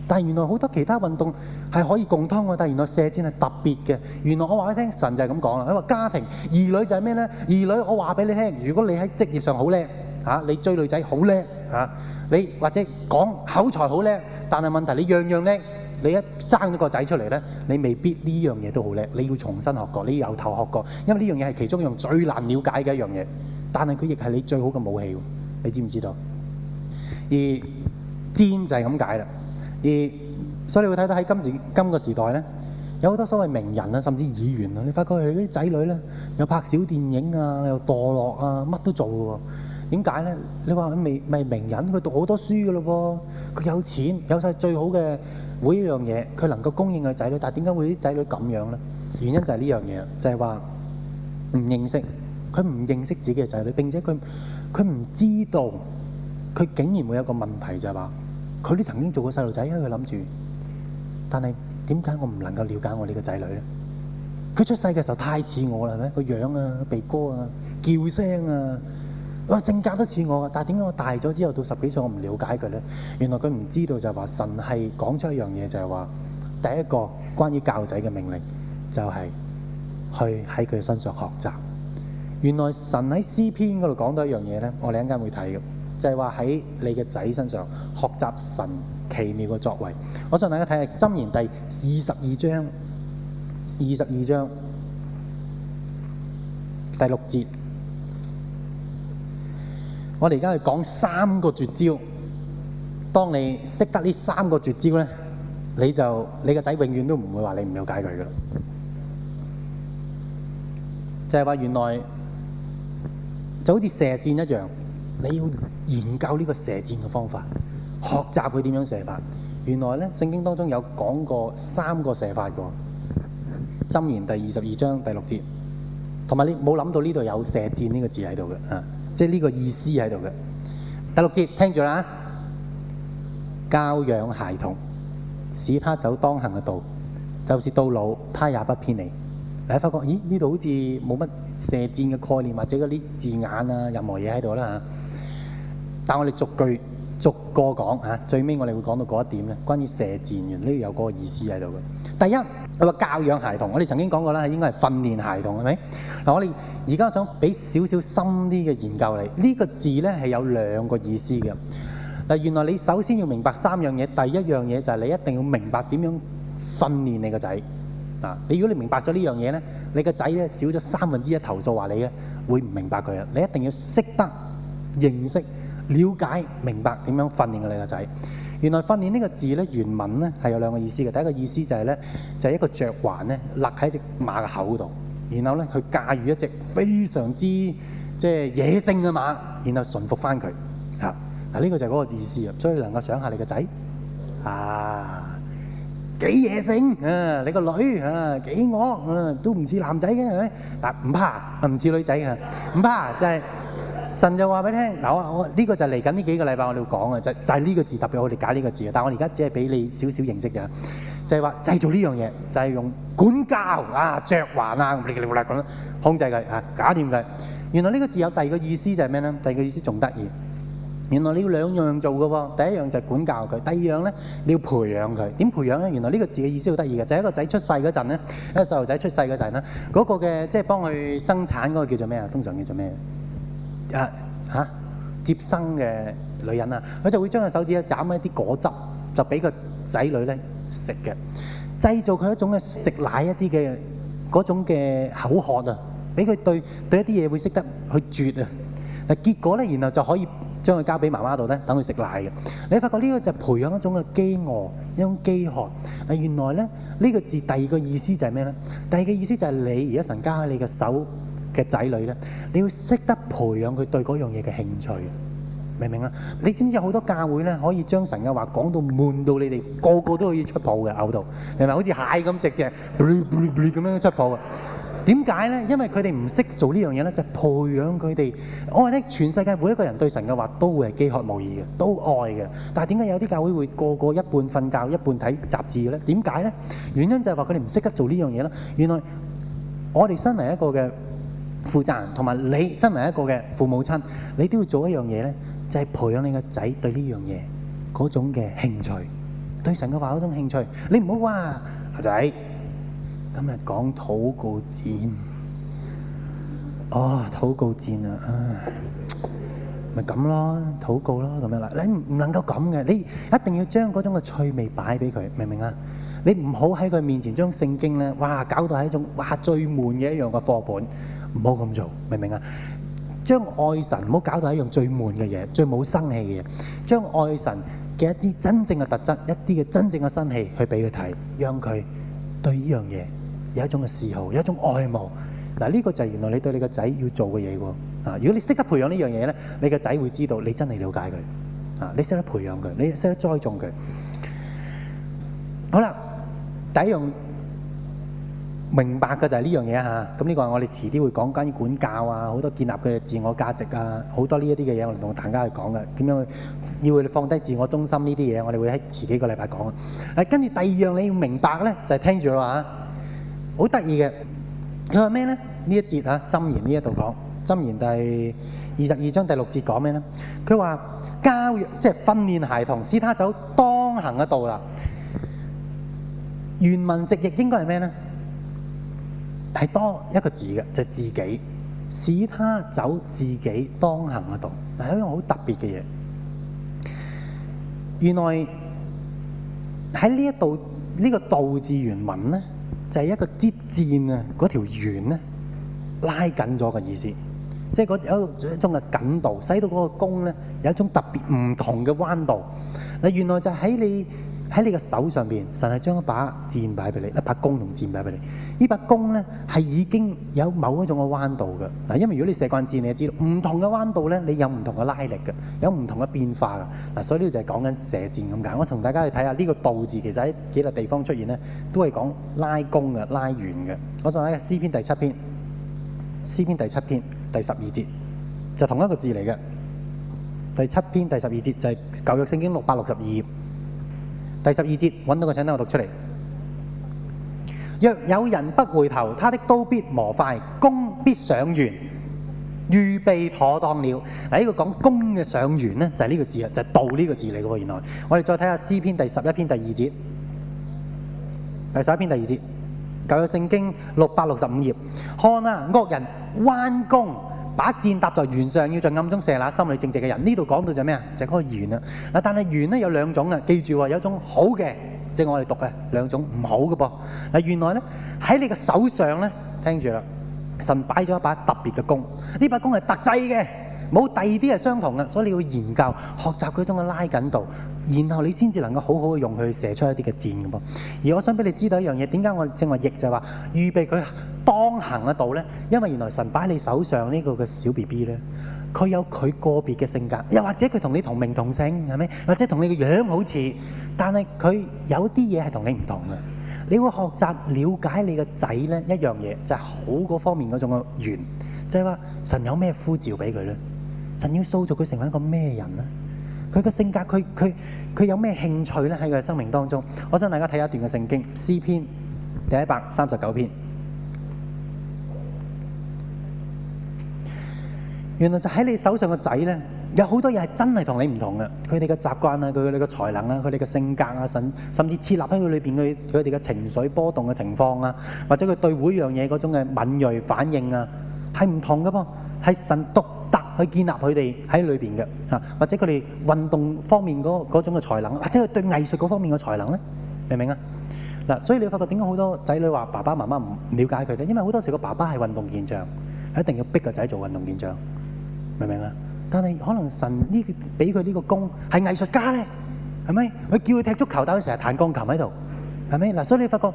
但係原來好多其他運動係可以共通㗎，但係原來射箭係特別嘅。原來我話俾你聽，神就係咁講啦。佢話家庭兒女就係咩咧？兒女我話俾你聽，如果你喺職業上好叻吓，你追女仔好叻吓，你或者講口才好叻，但係問題你樣樣叻，你一生咗個仔出嚟咧，你未必呢樣嘢都好叻。你要重新學過，你要由頭學過，因為呢樣嘢係其中一樣最難瞭解嘅一樣嘢。但係佢亦係你最好嘅武器，你知唔知道？而箭就係咁解啦。而所以你會睇到喺今時今個時代咧，有好多所謂名人啊，甚至議員啊，你發覺佢啲仔女咧，又拍小電影啊，又墮落啊，乜都做㗎喎。點解咧？你話佢未咪名人？佢讀好多書嘅咯噃，佢有錢，有晒最好嘅每一樣嘢，佢能夠供應佢仔女。但係點解會啲仔女咁樣咧？原因就係呢樣嘢，就係話唔認識，佢唔認識自己嘅仔女，並且佢佢唔知道，佢竟然會有個問題，就係話。佢都曾經做過細路仔，因為佢諗住。但係點解我唔能夠了解我這個呢個仔女咧？佢出世嘅時候太似我啦，係咪？個樣啊、鼻哥啊、叫聲啊，哇，性格都似我。啊。但係點解我大咗之後到十幾歲我唔了解佢咧？原來佢唔知道就係話神係講出一樣嘢，就係話第一個關於教仔嘅命令就係去喺佢身上學習。原來神喺詩篇嗰度講到一樣嘢咧，我哋一陣間會睇嘅。就係話喺你嘅仔身上學習神奇妙嘅作為，我想大家睇下《箴言》第二十二章，二十二章第六節。我哋而家係講三個絕招，當你識得呢三個絕招呢，你就你嘅仔永遠都唔會話你唔了解佢㗎。就係話原來就好似射箭一樣。你要研究呢個射箭嘅方法，學習佢點樣射法。原來咧，聖經當中有講過三個射法嘅。箴言第二十二章第六節，同埋你冇諗到呢度有射箭呢個字喺度嘅，啊，即係呢個意思喺度嘅。第六節，聽住啦，教養孩童，使他走當行嘅道，就是到老他也不偏離。你、啊、發覺，咦？呢度好似冇乜射箭嘅概念或者嗰啲字眼啊，任何嘢喺度啦但係我哋逐句逐個講啊，最尾我哋會講到嗰一點咧。關於射箭員呢度有嗰個意思喺度嘅。第一，我話教養孩童，我哋曾經講過啦，應該係訓練孩童係咪嗱？我哋而家想俾少少深啲嘅研究你呢個字咧，係有兩個意思嘅嗱。原來你首先要明白三樣嘢，第一樣嘢就係你一定要明白點樣訓練你個仔啊。你如果你明白咗呢樣嘢咧，你個仔咧少咗三分之一投訴話你嘅會唔明白佢啊。你一定要識得認識。了解明白點樣訓練你個仔，原來訓練呢個字呢，原文呢係有兩個意思嘅。第一個意思就係呢，就係一個嚼環呢，勒喺隻馬嘅口度，然後呢，去駕馭一隻非常之即係野性嘅馬，然後馴服返佢吓。嗱，呢個就係嗰個意思啊！所以能夠想下你個仔啊幾野性啊，你個女啊幾惡啊，都唔似男仔嘅，係咪？嗱，唔怕，唔似女仔嘅唔怕，就係。神就話俾你聽嗱，我我呢、這個就嚟緊呢幾個禮拜，我哋要講嘅，就就係呢個字特別好，我哋解呢個字啊。但係我而家只係俾你少少認識咋，就係話製造呢樣嘢，就係、是就是、用管教啊、着環啊咁控制佢，啊，搞掂佢。原來呢個字有第二個意思就係咩咧？第二個意思仲得意，原來你要兩樣做噶。第一樣就係管教佢，第二樣咧你要培養佢。點培養咧？原來呢個字嘅意思好得意嘅，就係、是、一個仔出世嗰陣咧，一個細路仔出世嗰陣咧，嗰、那個嘅即係幫佢生產嗰個叫做咩啊？通常叫做咩？誒、啊、嚇、啊、接生嘅女人啊，佢就會將個手指一斬一啲果汁，就俾個仔女咧食嘅，製造佢一種嘅食奶一啲嘅嗰種嘅口渴啊，俾佢對對一啲嘢會識得去啜啊。嗱，結果咧，然後就可以將佢交俾媽媽度咧，等佢食奶嘅。你發覺呢個就是培養一種嘅飢餓，一種飢渴。啊，原來咧呢、呢個字第二個意思就係咩咧？第二個意思就係你而家神加喺你嘅手。嘅仔女咧，你要識得培養佢對嗰樣嘢嘅興趣，明唔明啊？你知唔知好多教會咧，可以將神嘅話講到悶到你哋個個都可以出譜嘅，嘔到係咪？好似蟹咁直直咁樣出譜嘅？點解咧？因為佢哋唔識做呢樣嘢咧，就培養佢哋。我話咧，全世界每一個人對神嘅話都會係饑渴慕義嘅，都愛嘅。但係點解有啲教會會個個一半瞓覺一半睇雜誌咧？點解咧？原因就係話佢哋唔識得做呢樣嘢啦。原來我哋身為一個嘅。負責人同埋你，身為一個嘅父母親，你都要做一樣嘢咧，就係培養你個仔對呢樣嘢嗰種嘅興趣，對神嘅話嗰種興趣。你唔好話阿仔今日講禱告戰，哦禱告戰啊，咪咁咯，禱告咯咁樣啦。你唔能夠咁嘅，你一定要將嗰種嘅趣味擺俾佢，明唔明啊？你唔好喺佢面前將聖經咧，哇搞到係一種哇最悶嘅一樣嘅課本。唔好咁做，明唔明啊？將愛神唔好搞到一樣最悶嘅嘢，最冇生氣嘅嘢。將愛神嘅一啲真正嘅特質，一啲嘅真正嘅生氣，去俾佢睇，讓佢對呢樣嘢有一種嘅嗜好，有一種愛慕。嗱，呢個就係原來你對你個仔要做嘅嘢喎。啊，如果你識得培養呢樣嘢咧，你個仔會知道你真係了解佢。啊，你識得培養佢，你識得栽種佢。好啦，第一樣。明白嘅就係呢樣嘢嚇，咁呢個係我哋遲啲會講關於管教啊，好多建立嘅自我價值啊，好多呢一啲嘅嘢我哋同大家去講嘅，點樣要佢放低自我中心呢啲嘢，我哋會喺遲幾個禮拜講。跟住，啊，第二樣你要明白咧，就係、是、聽住啦嚇，好得意嘅，佢話咩咧？呢這一節啊，箴言呢一度講箴言第二十二章第六節講咩呢？佢話教育即係訓練孩童，使他走當行嘅道。原文直譯應該係咩呢？係多一個字嘅，就係、是、自己，使他走自己當行嘅道，但係一樣好特別嘅嘢。原來喺呢一度呢個道字原文咧，就係、是、一個之箭啊，嗰條弦咧拉緊咗嘅意思，即、就、係、是、有一種嘅緊度，使到嗰個弓咧有一種特別唔同嘅彎度。你原來就喺你。喺你嘅手上邊，神係將一把箭擺俾你，一把弓同箭擺俾你。呢把弓咧係已經有某一種嘅彎度嘅嗱。因為如果你射慣箭，你就知道唔同嘅彎度咧，你有唔同嘅拉力嘅，有唔同嘅變化嘅嗱。所以呢度就係講緊射箭咁解。我同大家去睇下呢個道字其實喺幾個地方出現咧，都係講拉弓嘅、拉弦嘅。我再睇《詩篇》第七篇，篇七篇《詩篇》第七篇第十二節就同一個字嚟嘅。第七篇第十二節就係舊約聖經六百六十二頁。第十二節，揾到個相，等我讀出嚟。若有人不回頭，他的刀必磨快，弓必上弦，預備妥當了。嗱，呢、這個講弓嘅上弦呢，就係、是、呢個字啊，就係、是、道呢個字嚟嘅。原來我哋再睇下詩篇第十一篇第二節。第十一篇第二節，舊約聖經六百六十五頁，看啊，惡人彎弓。把箭搭在弦上，要在暗中射那心裡正直嘅人。呢度講到就咩啊？就嗰個弦啦。嗱，但係弦咧有兩種嘅，記住喎，有一種好嘅，即係我哋讀嘅兩種唔好嘅噃。嗱，原來咧喺你嘅手上咧，聽住啦，神擺咗一把特別嘅弓，呢把弓係特製嘅。冇第二啲係相同嘅，所以你要研究、學習嗰種嘅拉緊度，然後你先至能夠好好嘅用佢射出一啲嘅箭咁噃。而我想俾你知道一樣嘢，點解我正話翼就係話預備佢當行嘅道咧？因為原來神擺喺你手上呢個嘅小 B B 咧，佢有佢個別嘅性格，又或者佢同你同名同姓係咪？或者同你嘅樣好似，但係佢有啲嘢係同你唔同嘅。你會學習了解你個仔咧一樣嘢，就係好嗰方面嗰種嘅緣，就係話神有咩呼召俾佢咧？神要塑造佢成為一個咩人咧？佢個性格，佢佢佢有咩興趣咧？喺佢嘅生命當中，我想大家睇一段嘅聖經詩篇第一百三十九篇。原來就喺你手上嘅仔咧，有好多嘢係真係同你唔同嘅。佢哋嘅習慣啊，佢哋嘅才能啊，佢哋嘅性格啊，甚甚至設立喺佢裏邊佢佢哋嘅情緒波動嘅情況啊，或者佢對每樣嘢嗰種嘅敏鋭反應啊，係唔同㗎噃。係神獨。去建立佢哋喺裏邊嘅嚇，或者佢哋運動方面嗰嗰種嘅才能，或者佢對藝術嗰方面嘅才能咧，明唔明啊？嗱，所以你發覺點解好多仔女話爸爸媽媽唔唔瞭解佢咧？因為好多時個爸爸係運動健將，一定要逼個仔做運動健將，明唔明啊？但係可能神呢俾佢呢個功係藝術家咧，係咪？佢叫佢踢足球，但佢成日彈鋼琴喺度，係咪？嗱，所以你發覺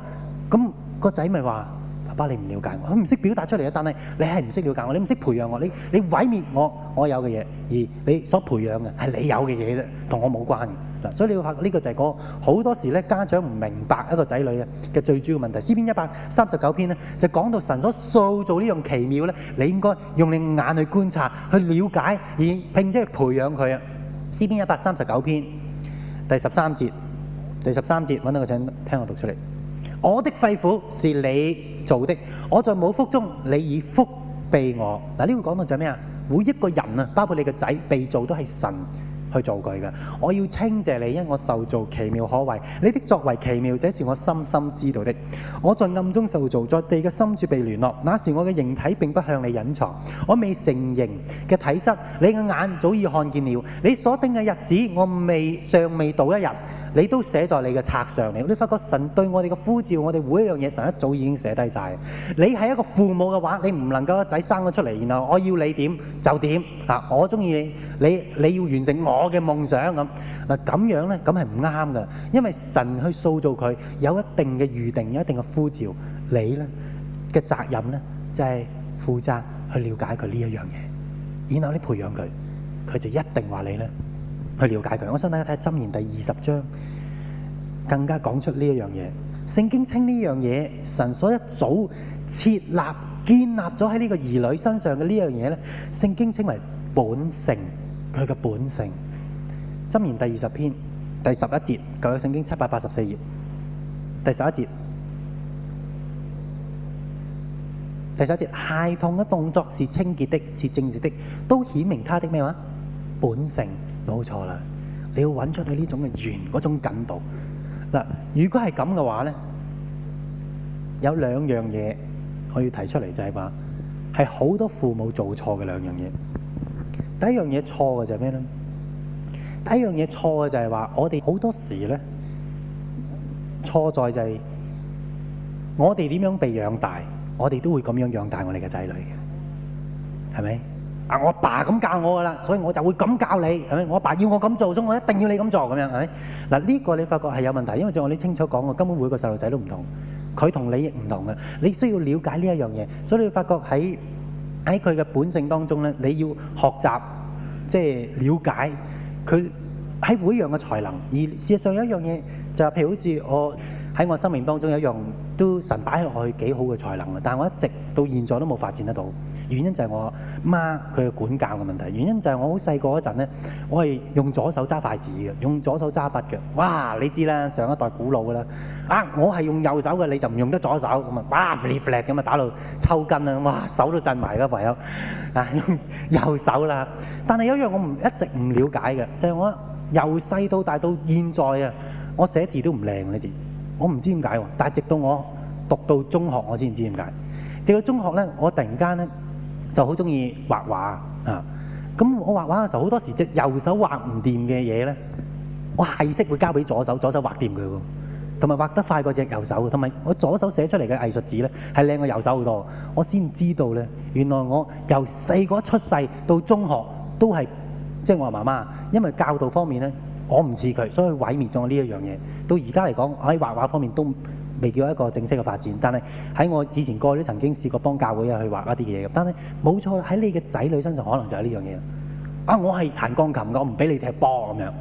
咁個仔咪話。爸爸，你唔瞭解我，佢唔識表達出嚟啊！但係你係唔識瞭解我，你唔識培養我，你你毀滅我我有嘅嘢，而你所培養嘅係你有嘅嘢啫，同我冇關嘅嗱。所以你要發覺，呢個就係嗰好多時咧，家長唔明白一個仔女嘅嘅最主要問題。詩篇一百三十九篇咧就講到神所塑造呢樣奇妙咧，你應該用你眼去觀察、去了解，而並且培養佢啊。詩篇一百三十九篇第十三節，第十三節揾到個請聽我讀出嚟，我的肺腑是你。做的，我在母腹中，你已覆庇我。嗱，呢個講到就咩啊？每一個人啊，包括你個仔被造都係神去做佢嘅。我要稱謝你，因為我受造奇妙可畏，你的作為奇妙，這是我深深知道的。我在暗中受造，在地嘅深處被聯絡，那時我嘅形體並不向你隱藏，我未成形嘅體質，你嘅眼早已看見了，你所定嘅日子，我未尚未到一日。你都寫在你嘅冊上面。你發覺神對我哋嘅呼召，我哋每一樣嘢神一早已經寫低晒。你係一個父母嘅話，你唔能夠個仔生咗出嚟，然後我要你點，就點，我鍾意你，你你要完成我嘅夢想。咁樣呢，咁係唔啱㗎，因為神去塑造佢，有一定嘅預定有一定嘅呼召，你呢嘅責任呢，就係負責去了解佢呢一樣嘢，然後你培養佢，佢就一定話你呢。去了解佢，我想大家睇下《箴言》第二十章，更加講出呢一樣嘢。聖經稱呢樣嘢，神所一早設立、建立咗喺呢個兒女身上嘅呢樣嘢咧，聖經稱為本性，佢嘅本性。《箴言》第二十篇第十一節，舊約聖經七百八十四頁，第十一節，第十一節，孩童嘅動作是清潔的，是正直的，都顯明他的咩話？本性。冇錯啦，你要揾出你呢種嘅緣嗰種緊度。嗱，如果係咁嘅話咧，有兩樣嘢我要提出嚟就係話，係好多父母做錯嘅兩樣嘢。第一樣嘢錯嘅就係咩咧？第一樣嘢錯嘅就係話，我哋好多時咧，錯在就係我哋點樣被養大，我哋都會咁樣養大我哋嘅仔女嘅，係咪？啊！我爸咁教我噶啦，所以我就會咁教你，係咪？我爸要我咁做，所以我一定要你咁做，咁樣係咪？嗱，呢個你發覺係有問題，因為正如你清楚講，我，根本每個細路仔都唔同，佢同你亦唔同嘅。你需要了解呢一樣嘢，所以你發覺喺喺佢嘅本性當中咧，你要學習，即係了解佢喺每樣嘅才能。而事實上有一樣嘢就係，譬如好似我喺我生命當中有一樣都神擺落去幾好嘅才能嘅，但係我一直到現在都冇發展得到。原因就係我媽佢嘅管教嘅問題。原因就係我好細個嗰陣咧，我係用左手揸筷子嘅，用左手揸筆嘅。哇！你知啦，上一代古老噶啦。啊，我係用右手嘅，你就唔用得左手咁啊！哇咁啊，打到抽筋啊！哇，手都震埋啦，朋友啊，用右手啦。但係有一樣我唔一直唔了解嘅，就係我由細到大到現在啊，我寫字都唔靚呢字。我唔知點解，但係直到我讀到中學，我先知點解。直到中學咧，我突然間咧。就好中意畫畫啊！咁我畫畫嘅時候，好多時隻右手畫唔掂嘅嘢呢，我係識會交俾左手，左手畫掂佢喎，同埋畫得快過隻右手，同埋我左手寫出嚟嘅藝術字呢，係靚過右手好多。我先知道呢，原來我由細個出世到中學都係，即係我媽媽，因為教導方面呢我唔似佢，所以毀滅咗呢一樣嘢。到而家嚟講，喺畫畫方面都未叫一個正式嘅發展，但係喺我以前過都曾經試過幫教會啊去畫一啲嘢嘅。但係冇錯啦，喺你嘅仔女身上可能就係呢樣嘢啊！我係彈鋼琴嘅，我唔俾你踢波咁樣，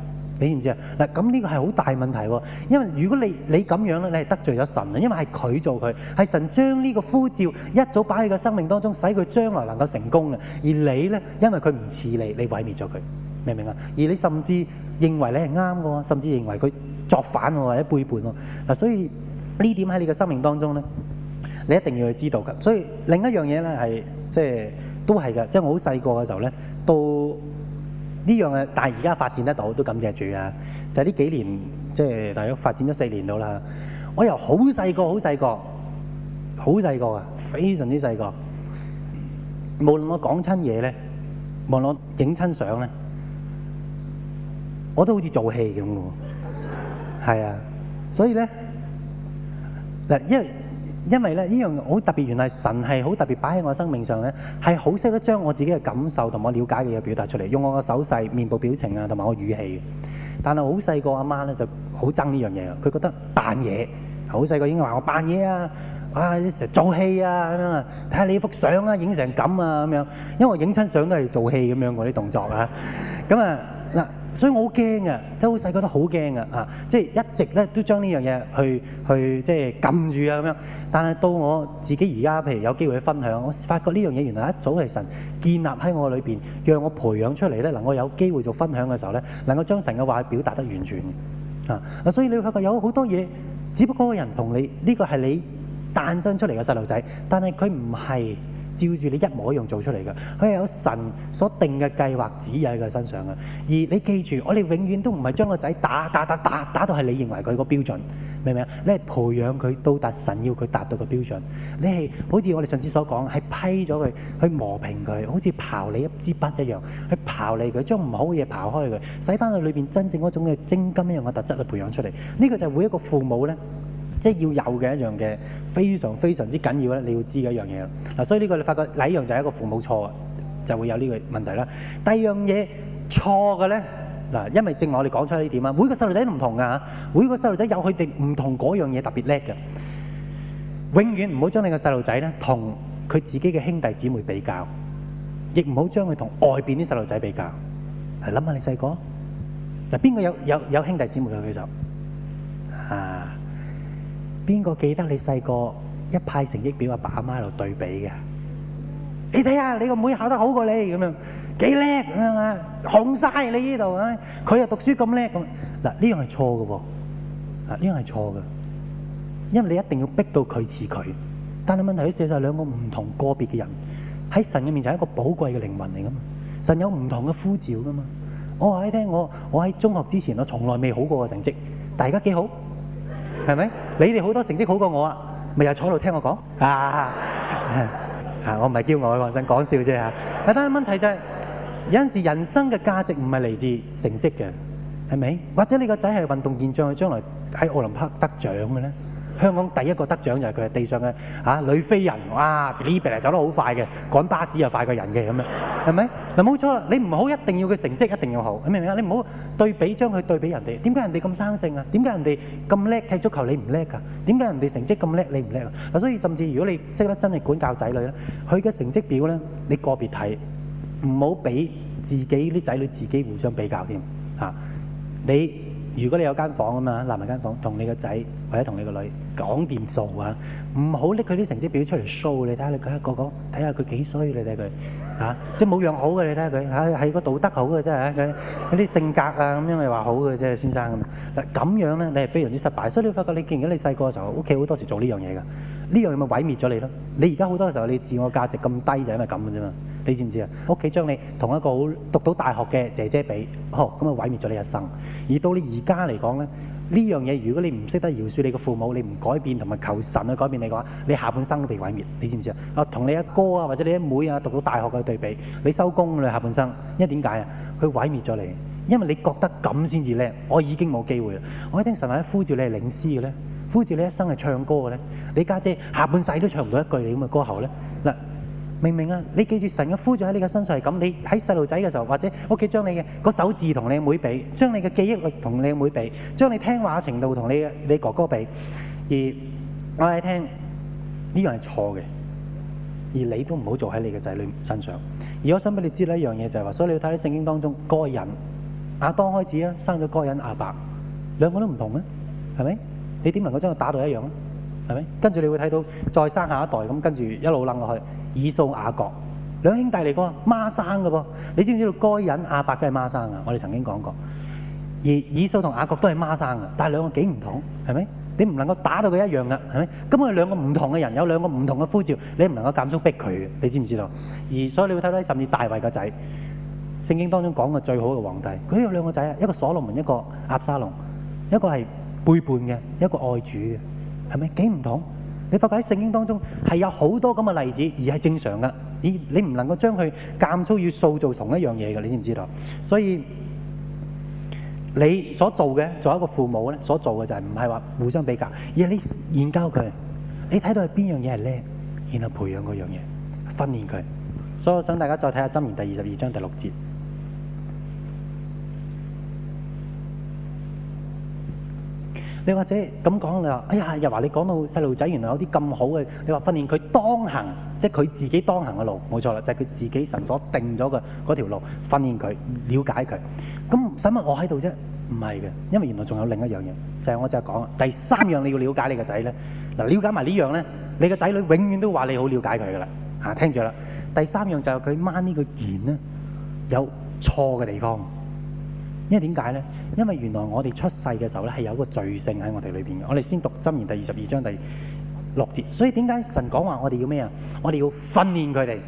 你知唔知啊？嗱，咁呢個係好大問題喎。因為如果你你咁樣咧，你係得罪咗神啊。因為係佢做佢，係神將呢個呼召一早擺喺個生命當中，使佢將來能夠成功嘅。而你咧，因為佢唔似你，你毀滅咗佢，明唔明啊？而你甚至認為你係啱嘅喎，甚至認為佢作反喎或者背叛喎，嗱，所以。呢點喺你嘅生命當中咧，你一定要去知道㗎。所以另一樣嘢咧係，即係都係㗎。即係我好細個嘅時候咧，到呢樣嘢，但係而家發展得到，都感謝主啊！就係呢幾年，即係大概發展咗四年到啦。我由好細個，好細個，好細個啊！非常之細個。無論我講親嘢咧，無論我影親相咧，我都好似做戲咁喎。係啊，所以咧。嗱，因為因為咧，呢樣好特別，原來神係好特別擺喺我生命上咧，係好識得將我自己嘅感受同我了解嘅嘢表達出嚟，用我嘅手勢、面部表情啊，同埋我語氣。但係好細個阿媽咧就好憎呢樣嘢，佢覺得扮嘢。好細個已經話我扮嘢啊，啊成日做戲啊咁啊，睇下你幅相啊影成咁啊咁樣。因為我影親相都係做戲咁樣嗰啲動作啊，咁啊嗱。所以我好驚啊，即係好細個都好驚嘅啊！即係一直咧都將呢樣嘢去去即係撳住啊咁樣。但係到我自己而家，譬如有機會去分享，我發覺呢樣嘢原來一早係神建立喺我裏邊，讓我培養出嚟咧。能夠有機會做分享嘅時候咧，能夠將神嘅話表達得完全啊！啊，所以你會發覺有好多嘢，只不過個人同你呢個係你誕生出嚟嘅細路仔，但係佢唔係。照住你一模一樣做出嚟嘅，佢係有神所定嘅計劃指引喺佢身上嘅。而你記住，我哋永遠都唔係將個仔打打打打打到係你認為佢個標準，明唔明啊？你係培養佢到達神要佢達到個標準。你係好似我哋上次所講，係批咗佢，去磨平佢，好似刨你一支筆一樣，去刨你佢，將唔好嘅嘢刨開佢，使翻佢裏邊真正嗰種嘅精金一樣嘅特質去培養出嚟。呢個就係每一個父母呢。即係要有嘅一樣嘅非常非常之緊要咧，你要知嘅一樣嘢啦。嗱，所以呢個你發覺第一樣就係一個父母錯就會有呢個問題啦。第二樣嘢錯嘅咧嗱，因為正話我哋講出呢點啊，每個細路仔都唔同㗎吓，每個細路仔有佢哋唔同嗰樣嘢特別叻嘅。永遠唔好將你個細路仔咧同佢自己嘅兄弟姊妹比較，亦唔好將佢同外邊啲細路仔比較。嚟諗下你細個嗱，邊個有有有兄弟姊妹嘅佢就啊～邊個記得你細個一派成績表，阿爸阿媽喺度對比嘅？你睇下你個妹考得好過你咁樣，幾叻咁樣啊？紅晒你呢度啊！佢又讀書咁叻咁。嗱，呢樣係錯嘅喎，啊，呢樣係錯嘅。因為你一定要逼到佢似佢，但係問題佢事實上兩個唔同個別嘅人喺神嘅面前係一個寶貴嘅靈魂嚟噶嘛。神有唔同嘅呼召噶嘛。我話你聽，我我喺中學之前我從來未好過嘅成績，但而家幾好？係咪？你哋好多成績好過我啊，咪又坐度聽我講啊，啊？我唔係叫我黃振講笑啫，但係問題就係，是，有陣時人生嘅價值唔係嚟自成績嘅，係咪？或者你個仔係運動健將，將來喺奧林匹克得獎嘅呢？香港第一個得獎就係佢，地上嘅啊女飛人，哇，呢邊走得好快嘅，趕巴士又快過人嘅咁樣，係咪？嗱冇錯啦，你唔好一定要佢成績一定要好，明唔明啊？你唔好對比將佢對比人哋，點解人哋咁生性啊？點解人哋咁叻踢足球，你唔叻㗎？點解人哋成績咁叻，你唔叻啊？嗱，所以甚至如果你識得真係管教仔女咧，佢嘅成績表咧，你個別睇，唔好俾自己啲仔女自己互相比較添嚇，你。如果你有間房啊嘛，立埋間房，同你個仔或者同你個女講掂數啊，唔好搦佢啲成績表出嚟 show，你睇下你睇下個個，睇下佢幾衰你睇佢，嚇，即係冇樣好嘅你睇下佢，嚇，係個道德好嘅真係，嗰啲性格啊咁樣你話好嘅啫，先生，嗱咁樣咧你係非常之失敗，所以你發覺你記唔記得你細個嘅時候，屋企好多時做呢樣嘢㗎，呢樣嘢咪毀滅咗你咯，你而家好多嘅時候你自我價值咁低就係因為咁嘅啫嘛。你知唔知啊？屋企將你同一個好讀到大學嘅姐姐比，呵，咁啊毀滅咗你一生。而到你而家嚟講咧，呢樣嘢如果你唔識得饒恕你嘅父母，你唔改變同埋求神去改變你嘅話，你下半生都俾毀滅。你知唔知啊？啊，同你阿哥啊或者你阿妹啊讀到大學嘅對比，你收工你下半生，因為點解啊？佢毀滅咗你，因為你覺得咁先至叻，我已經冇機會啦。我一聽神話一呼召你係領詩嘅咧，呼召你一生係唱歌嘅咧，你家姐下半世都唱唔到一句你咁嘅歌喉咧，嗱。明唔明啊？你記住，神嘅呼召喺你嘅身上係咁。你喺細路仔嘅時候，或者屋企將你嘅個手字同你妹比，將你嘅記憶力同你妹比，將你聽話嘅程度同你嘅你哥哥比。而我係聽呢樣係錯嘅，而你都唔好做喺你嘅仔女身上。而我想俾你知咧一樣嘢就係話，所以你要睇喺聖經當中，該人亞當開始啊，生咗該隱亞伯兩個都唔同啊，係咪？你點能夠將佢打到一樣啊？係咪？跟住你會睇到再生下一代咁，跟住一路冷落去。以掃雅各兩兄弟嚟講，孖生噶噃。你知唔知道該隱亞伯都係孖生噶？我哋曾經講過。而以掃同雅各都係孖生噶，但係兩個幾唔同，係咪？你唔能夠打到佢一樣噶，係咪？根本係兩個唔同嘅人，有兩個唔同嘅呼召，你唔能夠間中逼佢嘅。你知唔知道？而所以你會睇到，甚至大衛個仔，聖經當中講嘅最好嘅皇帝，佢有兩個仔啊，一個所羅門一個押沙龍，一個係背叛嘅，一個愛主嘅，係咪幾唔同？你發覺唔覺喺聖經當中係有好多咁嘅例子而係正常嘅？咦，你唔能夠將佢間操要塑造同一樣嘢嘅，你知唔知道？所以你所做嘅作為一個父母咧，所做嘅就係唔係話互相比較，而係你研究佢，你睇到係邊樣嘢係叻，然後培養嗰樣嘢，訓練佢。所以我想大家再睇下箴言第二十二章第六節。你或者咁講，你話：哎呀，又話你講到細路仔，原來有啲咁好嘅。你話訓練佢當行，即係佢自己當行嘅路，冇錯啦，就係佢自己神所定咗嘅嗰條路，訓練佢，瞭解佢。咁使乜我喺度啫？唔係嘅，因為原來仲有另一樣嘢，就係我就係講第三樣你要瞭解你個仔咧。嗱，瞭解埋呢樣咧，你個仔女永遠都話你好瞭解佢噶啦。嚇，聽住啦。第三樣就係佢媽呢個言咧有錯嘅地方。因為點解呢？因為原來我哋出世嘅時候咧係有一個罪性喺我哋裏邊嘅。我哋先讀《箴言》第二十二章第六節，所以點解神講話我哋要咩啊？我哋要訓練佢哋。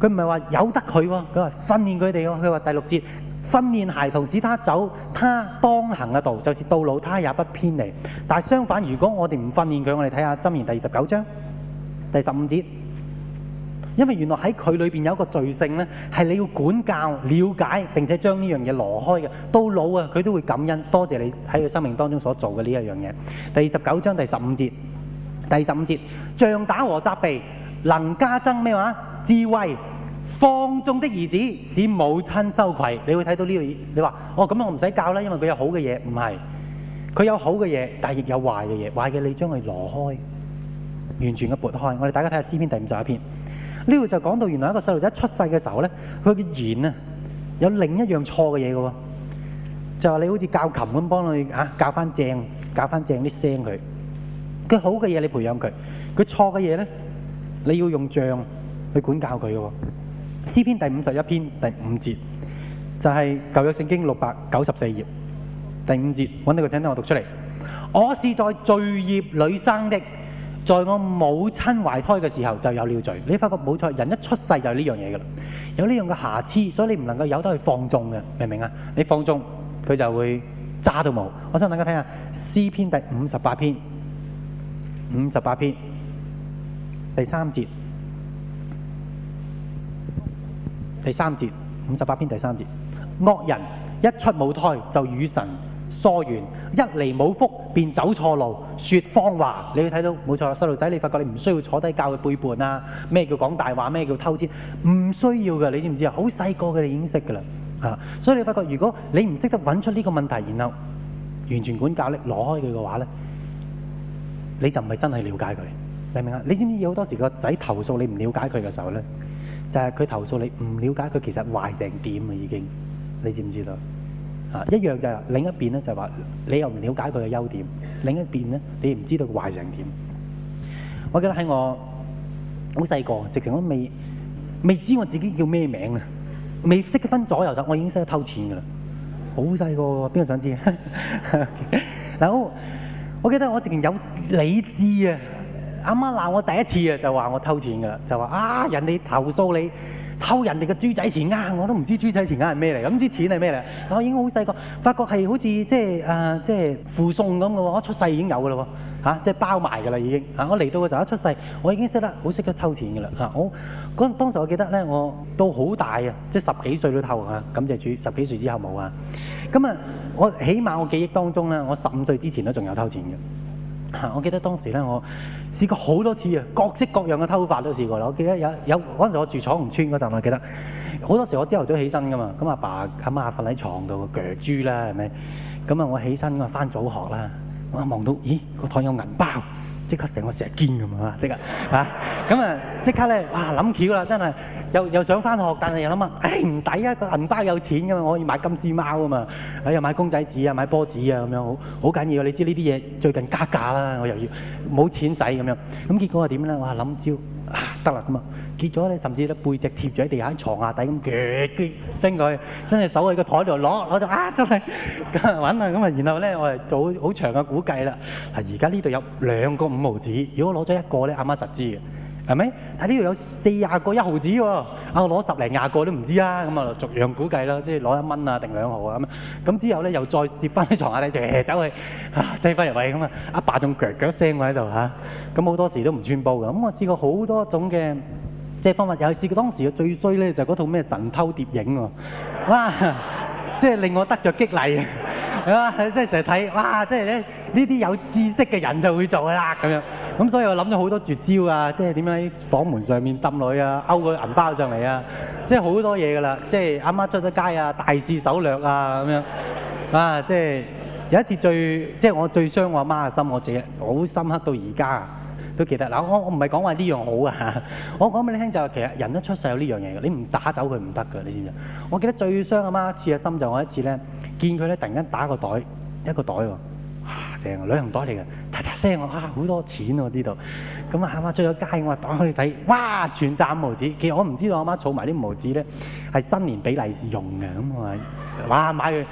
佢唔係話由得佢，佢話訓練佢哋。佢話第六節，訓練孩童，使他走他當行嘅道，就是到老，他也不偏離。但係相反，如果我哋唔訓練佢，我哋睇下《箴言》第二十九章第十五節。因為原來喺佢裏邊有一個罪性呢係你要管教、了解並且將呢樣嘢挪開嘅。到老啊，佢都會感恩，多謝你喺佢生命當中所做嘅呢一樣嘢。第二十九章第十五節，第十五節杖打和責備，能加增咩話？智慧放縱的兒子使母親羞愧。你會睇到呢個，你話哦，咁我唔使教啦，因為佢有好嘅嘢，唔係佢有好嘅嘢，但係亦有壞嘅嘢，壞嘅你將佢挪開，完全嘅撥開。我哋大家睇下詩篇第五十一篇。呢度就講到原來一個細路仔出世嘅時候咧，佢嘅言啊有另一樣錯嘅嘢嘅喎，就話你好似教琴咁幫佢啊教翻正教翻正啲聲佢，佢好嘅嘢你培養佢，佢錯嘅嘢咧你要用杖去管教佢嘅喎。詩篇第五十一篇第五節就係舊約聖經六百九十四頁第五節揾到個請等我讀出嚟，我是在罪孽裏生的。在我母親懷胎嘅時候就有咗罪，你發覺冇錯，人一出世就係呢樣嘢嘅啦，有呢樣嘅瑕疵，所以你唔能夠有得去放縱嘅，明唔明啊？你放縱佢就會渣到冇。我想大家睇下詩篇第五十八篇，五十八篇第三節，節，第三節五十八篇第三節，惡人一出母胎就與神。疏完一嚟冇福，便走錯路，説謊話。你會睇到冇錯，細路仔你發覺你唔需要坐低教佢背叛啊？咩叫講大話？咩叫偷竊？唔需要嘅，你知唔知啊？好細個佢哋已經識嘅啦，啊！所以你發覺，如果你唔識得揾出呢個問題，然後完全管教力攞開佢嘅話咧，你就唔係真係了解佢，你明唔明啊？你知唔知道有好多時個仔投訴你唔了解佢嘅時候咧，就係、是、佢投訴你唔了解佢其實壞成點啊已經，你知唔知道？啊，一樣就係啦，另一邊咧，就係話你又唔了解佢嘅優點，另一邊咧，你唔知道佢壞成點。我記得喺我好細個，直情我都未未知我自己叫咩名啊，未識得分左右手，我已經識得偷錢噶啦。好細個喎，邊個想知？嗱 好，我記得我直情有理智啊，啱啱鬧我第一次啊，就話我偷錢噶啦，就話啊人哋投訴你。偷人哋嘅豬仔錢啊！我都唔知豬仔錢啊係咩嚟，咁啲錢係咩嚟？我已經好細個，發覺係好似即係誒，即係附送咁嘅喎。我出世已經有嘅咯，嚇、啊，即係包埋嘅啦已經嚇。我嚟到嘅時候，一出世，我已經識得好識得偷錢嘅啦。嚇、啊，我嗰當時我記得咧，我到好大啊，即係十幾歲都偷啊。感謝主，十幾歲之後冇啊。咁啊，我起碼我記憶當中咧，我十五歲之前都仲有偷錢嘅。我記得當時咧，我試過好多次啊，各式各樣嘅偷法都試過啦。我記得有有嗰陣時，我住廠紅村嗰陣，我記得好多時我朝頭早起身㗎嘛，咁阿爸阿媽瞓喺床度，鋸豬啦係咪？咁啊，我起身我返早學啦，我望到咦，個枱有銀包。即刻成個石堅咁啊！即刻啊！咁啊，即刻咧，啊諗橋啦，真係又又想返學，但係又諗啊，誒唔抵啊！個銀包有錢噶嘛，我可以買金絲貓啊嘛，誒、哎、又買公仔紙啊，買波子啊咁樣，好好緊要啊！你知呢啲嘢最近加價啦，我又要冇錢使咁樣，咁結果係點咧？我係諗招！得啦，咁啊，結咗咧，甚至咧背脊貼咗喺地下，床下底咁，撅撅升佢，伸隻手喺個台度攞攞咗啊！真係咁揾啊咁啊，然後咧、啊、我係做好長嘅估計啦。係而家呢度有兩個五毫紙，如果攞咗一個咧，阿媽實知嘅。係咪？但係呢度有四廿個一毫子喎、哦，我攞十零廿個都唔知啦，咁啊逐樣估計啦，即係攞一蚊啊定兩毫啊咁，咁之後咧又再摺翻喺床下底，就走去啊擠翻入位咁啊，阿爸仲腳腳聲喎喺度嚇，咁、啊、好多時都唔穿煲嘅，咁我試過好多種嘅即係方法，又試過當時嘅最衰咧就嗰套咩神偷疊影喎、啊，哇！即係令我得着激勵 係 啊，係真成日睇，哇！即係咧呢啲有知識嘅人就會做啦，咁樣咁，所以我諗咗好多絕招啊，即係點樣喺房門上面揼女啊，勾個銀包上嚟啊，即係好多嘢噶啦，即係阿媽出咗街啊，大肆手掠啊，咁樣啊，即係有一次最，即係我最傷我阿媽嘅心，我自己好深刻到而家啊。都記得嗱，我我唔係講話呢樣好啊，我講俾你聽就係其實人一出世有呢樣嘢嘅，你唔打走佢唔得㗎，你知唔知啊？我記得最傷阿媽一次嘅心就我一次咧，見佢咧突然間打個袋，一個袋喎，哇正啊，旅行袋嚟嘅，嚓嚓聲我哇好多錢啊，我知道，咁啊阿媽出咗街，我話打開睇，哇全紮毛紙，其實我唔知道阿媽儲埋啲毛紙咧係新年俾利是用嘅，咁我話哇買佢。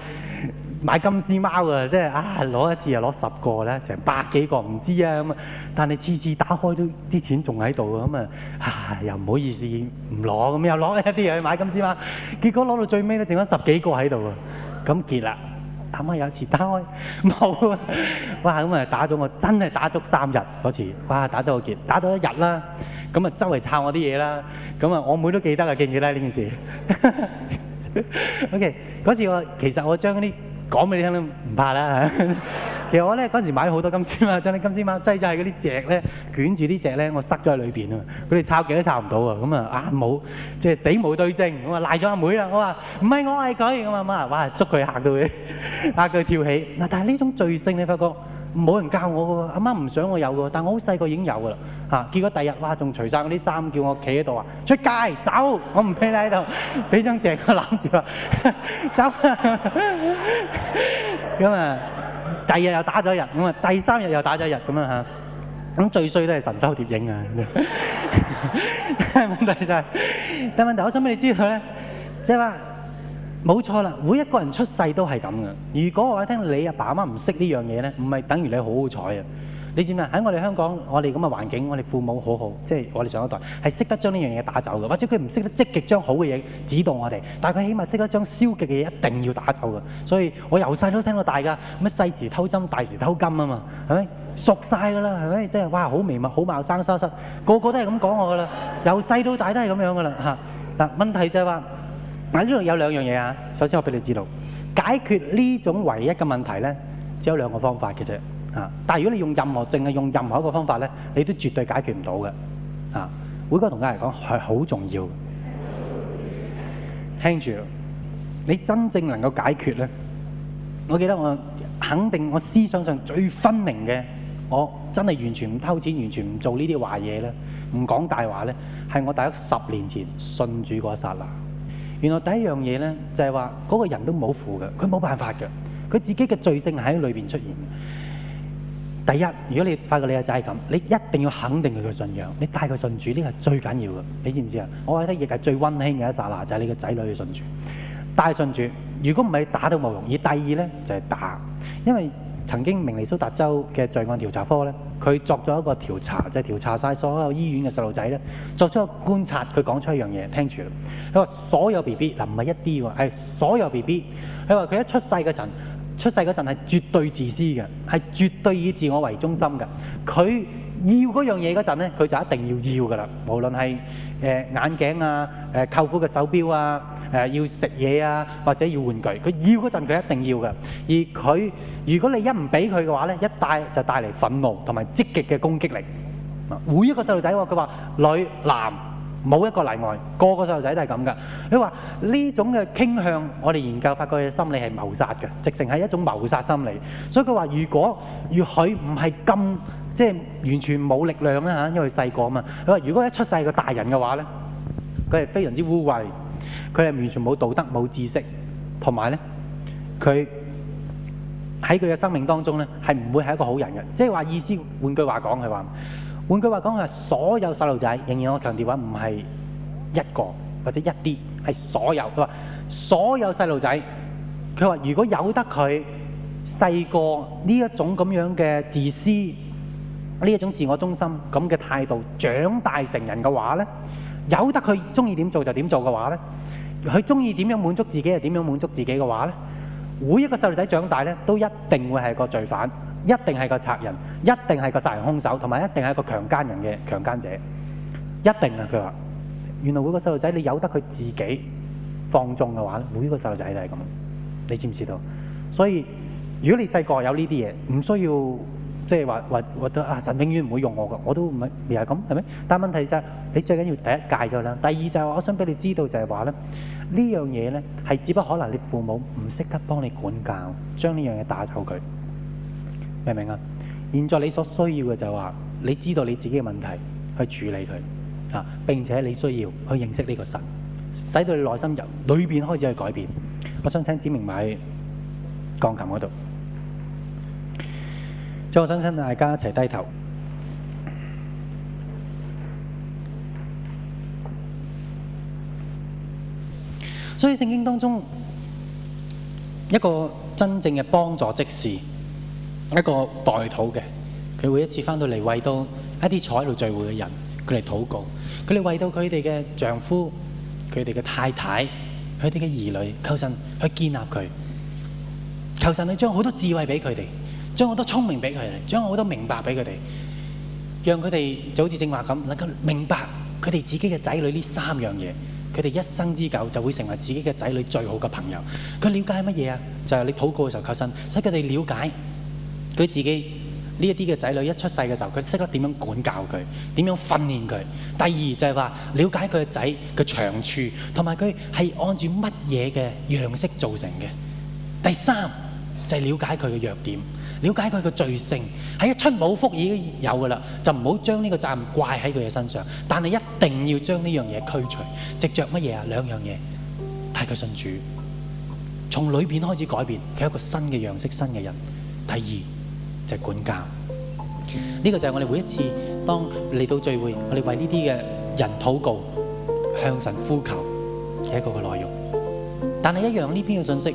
買金絲貓啊，即係啊攞一次又攞十個咧，成百幾個唔知啊咁啊！但係你次次打開都啲錢仲喺度啊咁啊，又唔好意思唔攞咁又攞一啲嘢去買金絲貓，結果攞到最尾咧，剩咗十幾個喺度啊，咁結啦！啱啱有次打開冇，哇咁啊打咗我真係打足三日嗰次，哇打咗我結，打到一日啦，咁啊周圍抄我啲嘢啦，咁啊我妹都記得啊，記唔記得呢件事？OK 嗰次我其實我將嗰啲。講俾你聽都唔怕啦 其實我咧嗰陣時買好多金絲貓，真啲金絲貓，擠咗喺嗰啲隻咧捲住啲隻咧，我塞咗喺裏邊啊，佢哋抄幾都抄唔到啊。咁啊啊冇，即係死無對證，我話賴咗阿妹啦，我話唔係我係佢，咁我話哇，捉佢嚇到佢，嚇佢跳起，嗱，但係呢種罪性你發覺。冇人教我喎，阿媽唔想我有喎，但我好細個已經有噶啦，嚇、啊！結果第日哇，仲除晒我啲衫，叫我企喺度啊，出街走，我唔俾你喺度，俾張借我攬住啊，走！咁啊，第二日又打咗人，咁啊，第三日又打咗人，咁啊嚇！咁最衰都係神偷獵影啊樣樣 但、就是！但問題就係，但問題我想俾你知道咧，即係話。冇錯啦，每一個人出世都係咁嘅。如果我聽你阿爸阿媽唔識呢樣嘢咧，唔係等於你好好彩啊！你知唔知啊？喺我哋香港，我哋咁嘅環境，我哋父母好好，即係我哋上一代係識得將呢樣嘢打走嘅，或者佢唔識得積極將好嘅嘢指導我哋，但係佢起碼識得將消極嘅嘢一定要打走嘅。所以我由細都聽到大㗎，乜細時偷針，大時偷金啊嘛，係咪？熟曬㗎啦，係咪？真係哇，好眉好貌生沙虱，個個都係咁講我㗎啦，由細到大都係咁樣㗎啦嚇。嗱，問題就係話。嗱、啊，呢度有兩樣嘢啊。首先，我俾你知道，解決呢種唯一嘅問題咧，只有兩個方法嘅啫。啊，但係如果你用任何淨係用任何一個方法咧，你都絕對解決唔到嘅。啊，每個同大家嚟講係好重要的、嗯。聽住，你真正能夠解決咧，我記得我肯定我思想上最分明嘅，我真係完全唔偷錢、完全唔做呢啲壞嘢咧，唔講大話咧，係我大約十年前信主嗰一剎那。原來第一樣嘢咧，就係話嗰個人都冇負嘅，佢冇辦法嘅，佢自己嘅罪性喺裏邊出現。第一，如果你發覺你嘅仔係咁，你一定要肯定佢嘅信仰，你帶佢信主，呢個係最緊要嘅，你知唔知啊？我覺得亦係最温馨嘅一剎那，就係、是、你嘅仔女去信主，帶信主。如果唔係打都冇用。而第二咧就係、是、打，因為。曾經明尼蘇達州嘅罪案調查科呢，佢作咗一個調查，就係調查晒所有醫院嘅細路仔呢，作咗個觀察，佢講出一樣嘢，聽住啦。佢話所有 B B 嗱，唔係一啲喎，係所有 B B。佢話佢一出世嗰陣，出世嗰陣係絕對自私嘅，係絕對以自我為中心嘅。佢要嗰樣嘢嗰陣咧，佢就一定要要噶啦，無論係。眼鏡，舅父嘅手表，即係完全冇力量啦嚇，因為佢細個啊嘛。佢話：如果一出世個大人嘅話咧，佢係非常之污穢，佢係完全冇道德、冇知識，同埋咧，佢喺佢嘅生命當中咧係唔會係一個好人嘅。即係話意思換句話講係話，換句話講係所有細路仔。仍然我強調話唔係一個或者一啲，係所有。佢話所有細路仔，佢話如果由得佢細個呢一種咁樣嘅自私。呢一種自我中心咁嘅態度，長大成人嘅話咧，由得佢中意點做就點做嘅話咧，佢中意點樣滿足自己就點樣滿足自己嘅話咧，每一個細路仔長大咧都一定會係個罪犯，一定係個賊人，一定係個殺人兇手，同埋一定係個強奸人嘅強奸者，一定啊！佢話原來每個細路仔你由得佢自己放縱嘅話咧，每個細路仔都係咁，你知唔知道？所以如果你細個有呢啲嘢，唔需要。即係話，或或到啊神永遠唔會用我㗎，我都唔係咪係咁係咪？但問題就係、是、你最緊要第一戒咗啦，第二就係、是、我想俾你知道就係話咧，呢樣嘢咧係只不過可能你父母唔識得幫你管教，將呢樣嘢打走佢，明唔明啊？現在你所需要嘅就係話，你知道你自己嘅問題，去處理佢啊，並且你需要去認識呢個神，使到你內心由裏邊開始去改變。我想請子明埋鋼琴嗰度。所以我想跟大家一齊低頭。所以聖經當中，一個真正嘅幫助即係一個代禱嘅，佢會一次返到嚟為到一啲坐喺度聚會嘅人，佢嚟禱告，佢嚟為到佢哋嘅丈夫、佢哋嘅太太、佢哋嘅兒女，求神去建立佢，求神去將好多智慧畀佢哋。將好多聰明俾佢哋，將好多明白俾佢哋，讓佢哋就好似正話咁，能夠明白佢哋自己嘅仔女呢三樣嘢，佢哋一生之久就會成為自己嘅仔女最好嘅朋友。佢了解乜嘢啊？就係你禱告嘅時候求神，使佢哋了解佢自己呢一啲嘅仔女一出世嘅時候，佢識得點樣管教佢，點樣訓練佢。第二就係話了解佢嘅仔嘅長處，同埋佢係按住乜嘢嘅樣式造成嘅。第三就係了解佢嘅弱點。瞭解佢個罪性係一出冇福已經有㗎啦，就唔好將呢個責任怪喺佢嘅身上。但係一定要將呢樣嘢驅除。藉著乜嘢啊？兩樣嘢，帶佢信主，從裏邊開始改變，佢係一個新嘅樣式、新嘅人。第二就係管教。呢個就係我哋每一次當嚟到聚會，我哋為呢啲嘅人禱告，向神呼求嘅一個嘅內容。但係一樣呢邊嘅信息。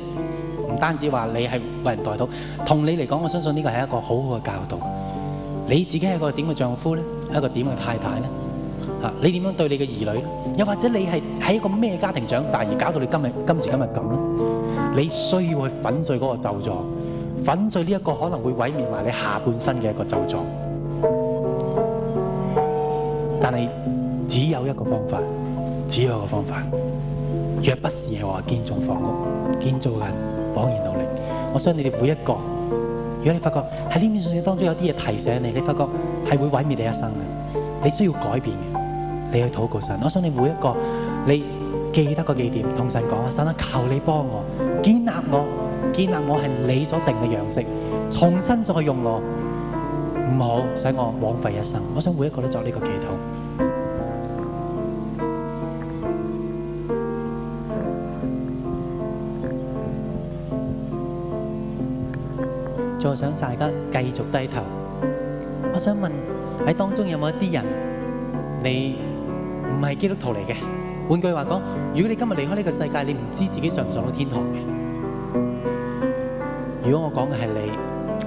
唔單止話你係為人代禱，同你嚟講，我相信呢個係一個好好嘅教導。你自己係一個點嘅丈夫咧，一個點嘅太太咧，你點樣對你嘅兒女咧？又或者你係喺一個咩家庭長大而搞到你今日今時今日咁咧？你需要去粉碎嗰個咒詛，粉碎呢一個可能會毀滅埋你下半生嘅一個咒詛。但係只有一個方法，只有一個方法，若不是耶和華建造房屋，建造人。枉然努力。我相信你哋每一個。如果你發覺喺呢邊信息當中有啲嘢提醒你，你發覺係會毀滅你一生嘅，你需要改變嘅，你去禱告神。我相信你每一個，你記得個幾點同神講啊，神啊，求你幫我建立我，建立我係你所定嘅樣式，重新再用我，唔好使我枉費一生。我想每一個都作呢個祈禱。我想大家繼續低頭。我想問喺當中有冇一啲人，你唔係基督徒嚟嘅？換句話講，如果你今日離開呢個世界，你唔知自己上唔上到天堂嘅。如果我講嘅係你，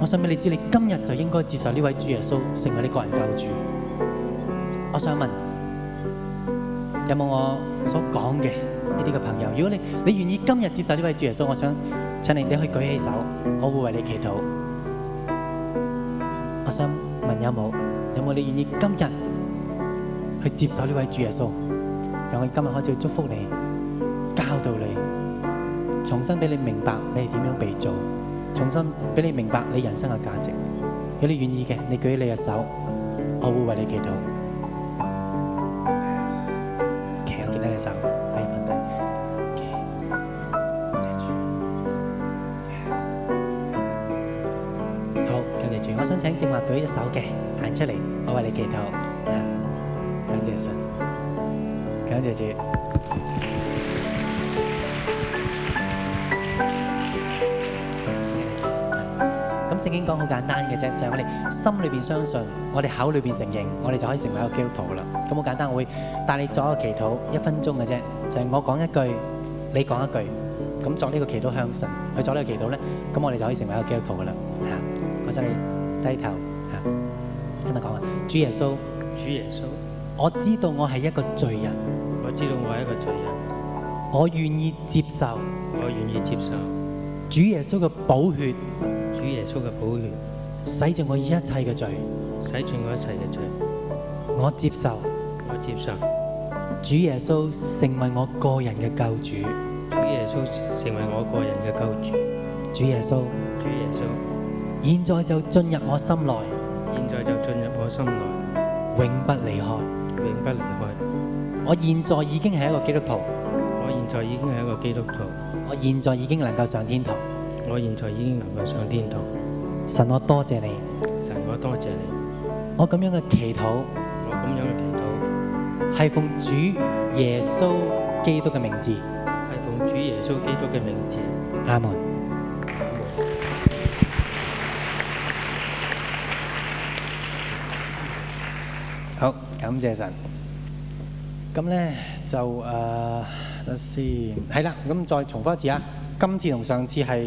我想俾你知，你今日就應該接受呢位主耶穌成為你個人救主。我想問，有冇我所講嘅呢啲嘅朋友？如果你你願意今日接受呢位主耶穌，我想請你你可以舉起手，我會為你祈禱。問，有冇，有冇你願意今日去接受呢位主耶穌，由我今日開始去祝福你、教導你、重新俾你明白你係點樣被造，重新俾你明白你人生嘅價值。有你願意嘅，你舉起你嘅手，我會為你祈禱。手嘅行出嚟，我為你祈禱。啊，感謝神，感謝主。咁聖經講好簡單嘅啫，就係我哋心裏邊相信，我哋口裏邊承認，我哋就可以成為一個基督徒噶啦。咁好簡單，我會帶你作一個祈禱，一分鐘嘅啫。就係我講一句，你講一句，咁作呢個祈禱向神去作呢個祈禱咧，咁我哋就可以成為一個基督徒噶啦。啊，我真係低頭。聽佢講，主耶穌，主耶穌，我知道我係一個罪人，我知道我係一個罪人，我願意接受，我願意接受，主耶穌嘅寶血，主耶穌嘅寶血，洗淨我一切嘅罪，洗淨我一切嘅罪，我接受，我接受，主耶穌成為我個人嘅救主，主耶穌成為我個人嘅救主，主耶穌，主耶穌，現在就進入我心內。現在就進入我心內，永不離開，永不離開。我現在已經係一個基督徒，我現在已經係一個基督徒，我現在已經能夠上天堂，我現在已經能夠上天堂。神，我多謝你，神，我多謝你。我咁樣嘅祈禱，我咁樣嘅祈禱，係奉主耶穌基督嘅名字，係奉主耶穌基督嘅名字。阿門。感謝神。咁咧就誒，先、呃。係啦，咁再重複一次啊。今次同上次係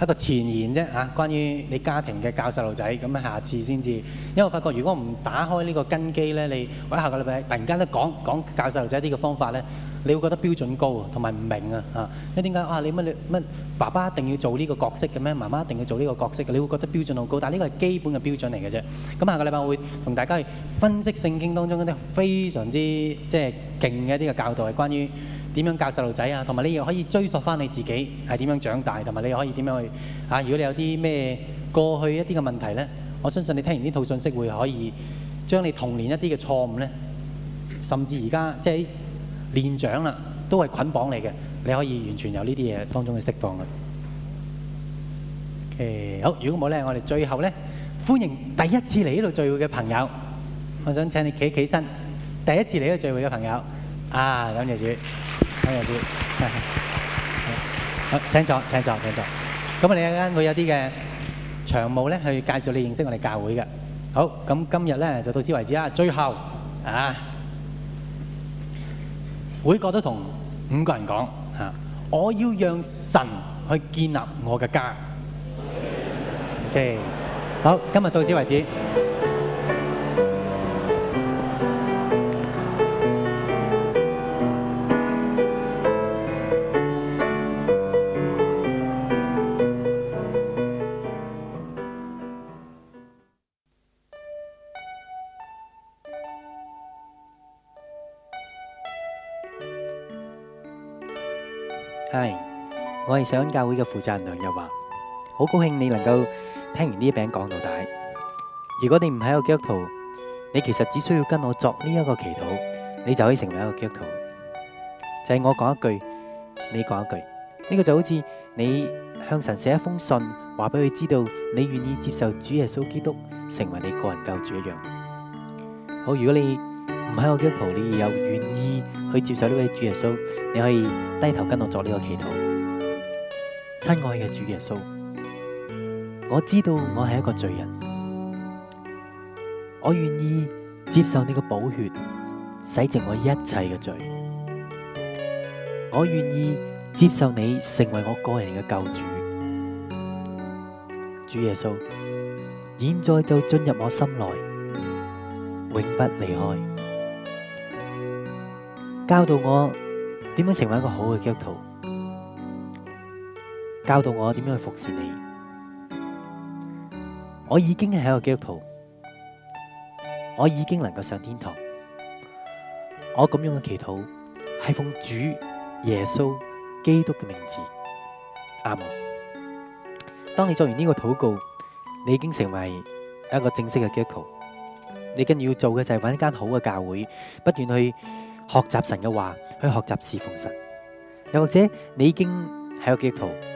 一個前言啫嚇，關於你家庭嘅教細路仔。咁啊，下次先至。因為我發覺如果唔打開呢個根基咧，你喂下個禮拜突然間都講講教細路仔啲嘅方法咧。你會覺得標準高啊，同埋唔明啊，嚇！你點解啊？你乜你乜爸爸一定要做呢個角色嘅咩？媽媽一定要做呢個角色嘅？你會覺得標準好高，但係呢個係基本嘅標準嚟嘅啫。咁下個禮拜我會同大家去分析聖經當中一啲非常之即係勁嘅一啲嘅教導，係關於點樣教細路仔啊，同埋你又可以追溯翻你自己係點樣長大，同埋你又可以點樣去嚇？如果你有啲咩過去一啲嘅問題咧，我相信你聽完呢套信息會可以將你童年一啲嘅錯誤咧，甚至而家即係。練長啦，都係捆綁嚟嘅，你可以完全由呢啲嘢當中去釋放嘅。Okay, 好，如果冇咧，我哋最後咧，歡迎第一次嚟呢度聚會嘅朋友，我想請你企起身，第一次嚟呢度聚會嘅朋友，啊，感謝主，感謝主， 好，請坐，請坐，請坐。咁我哋外間會有啲嘅長務咧，去介紹你認識我哋教會嘅。好，咁今日咧就到此為止啦。最後，啊。每個都同五個人講吓，我要讓神去建立我嘅家。OK，好，今日到此為止。我係上教會嘅負責人梁日華，好高興你能夠聽完呢一篇講到大如果你唔喺個基督徒，你其實只需要跟我作呢一個祈禱，你就可以成為一個基督徒。就係我講一句，你講一句，呢個就好似你向神寫一封信，話俾佢知道你願意接受主耶穌基督成為你個人救主一樣。好，如果你唔喺個基督徒，你有願意去接受呢位主耶穌，你可以低頭跟我作呢個祈禱。親愛嘅主耶穌，我知道我係一個罪人，我願意接受你嘅寶血洗淨我一切嘅罪，我願意接受你成為我個人嘅救主，主耶穌，現在就進入我心內，永不離開，教導我點樣成為一個好嘅基督徒。教導我點樣去服侍你。我已經係一個基督徒，我已經能夠上天堂。我咁樣嘅祈禱係奉主耶穌基督嘅名字，阿門。當你做完呢個禱告，你已經成為一個正式嘅基督徒。你跟住要做嘅就係揾一間好嘅教會，不斷去學習神嘅話，去學習侍奉神。又或者你已經係一個基督徒。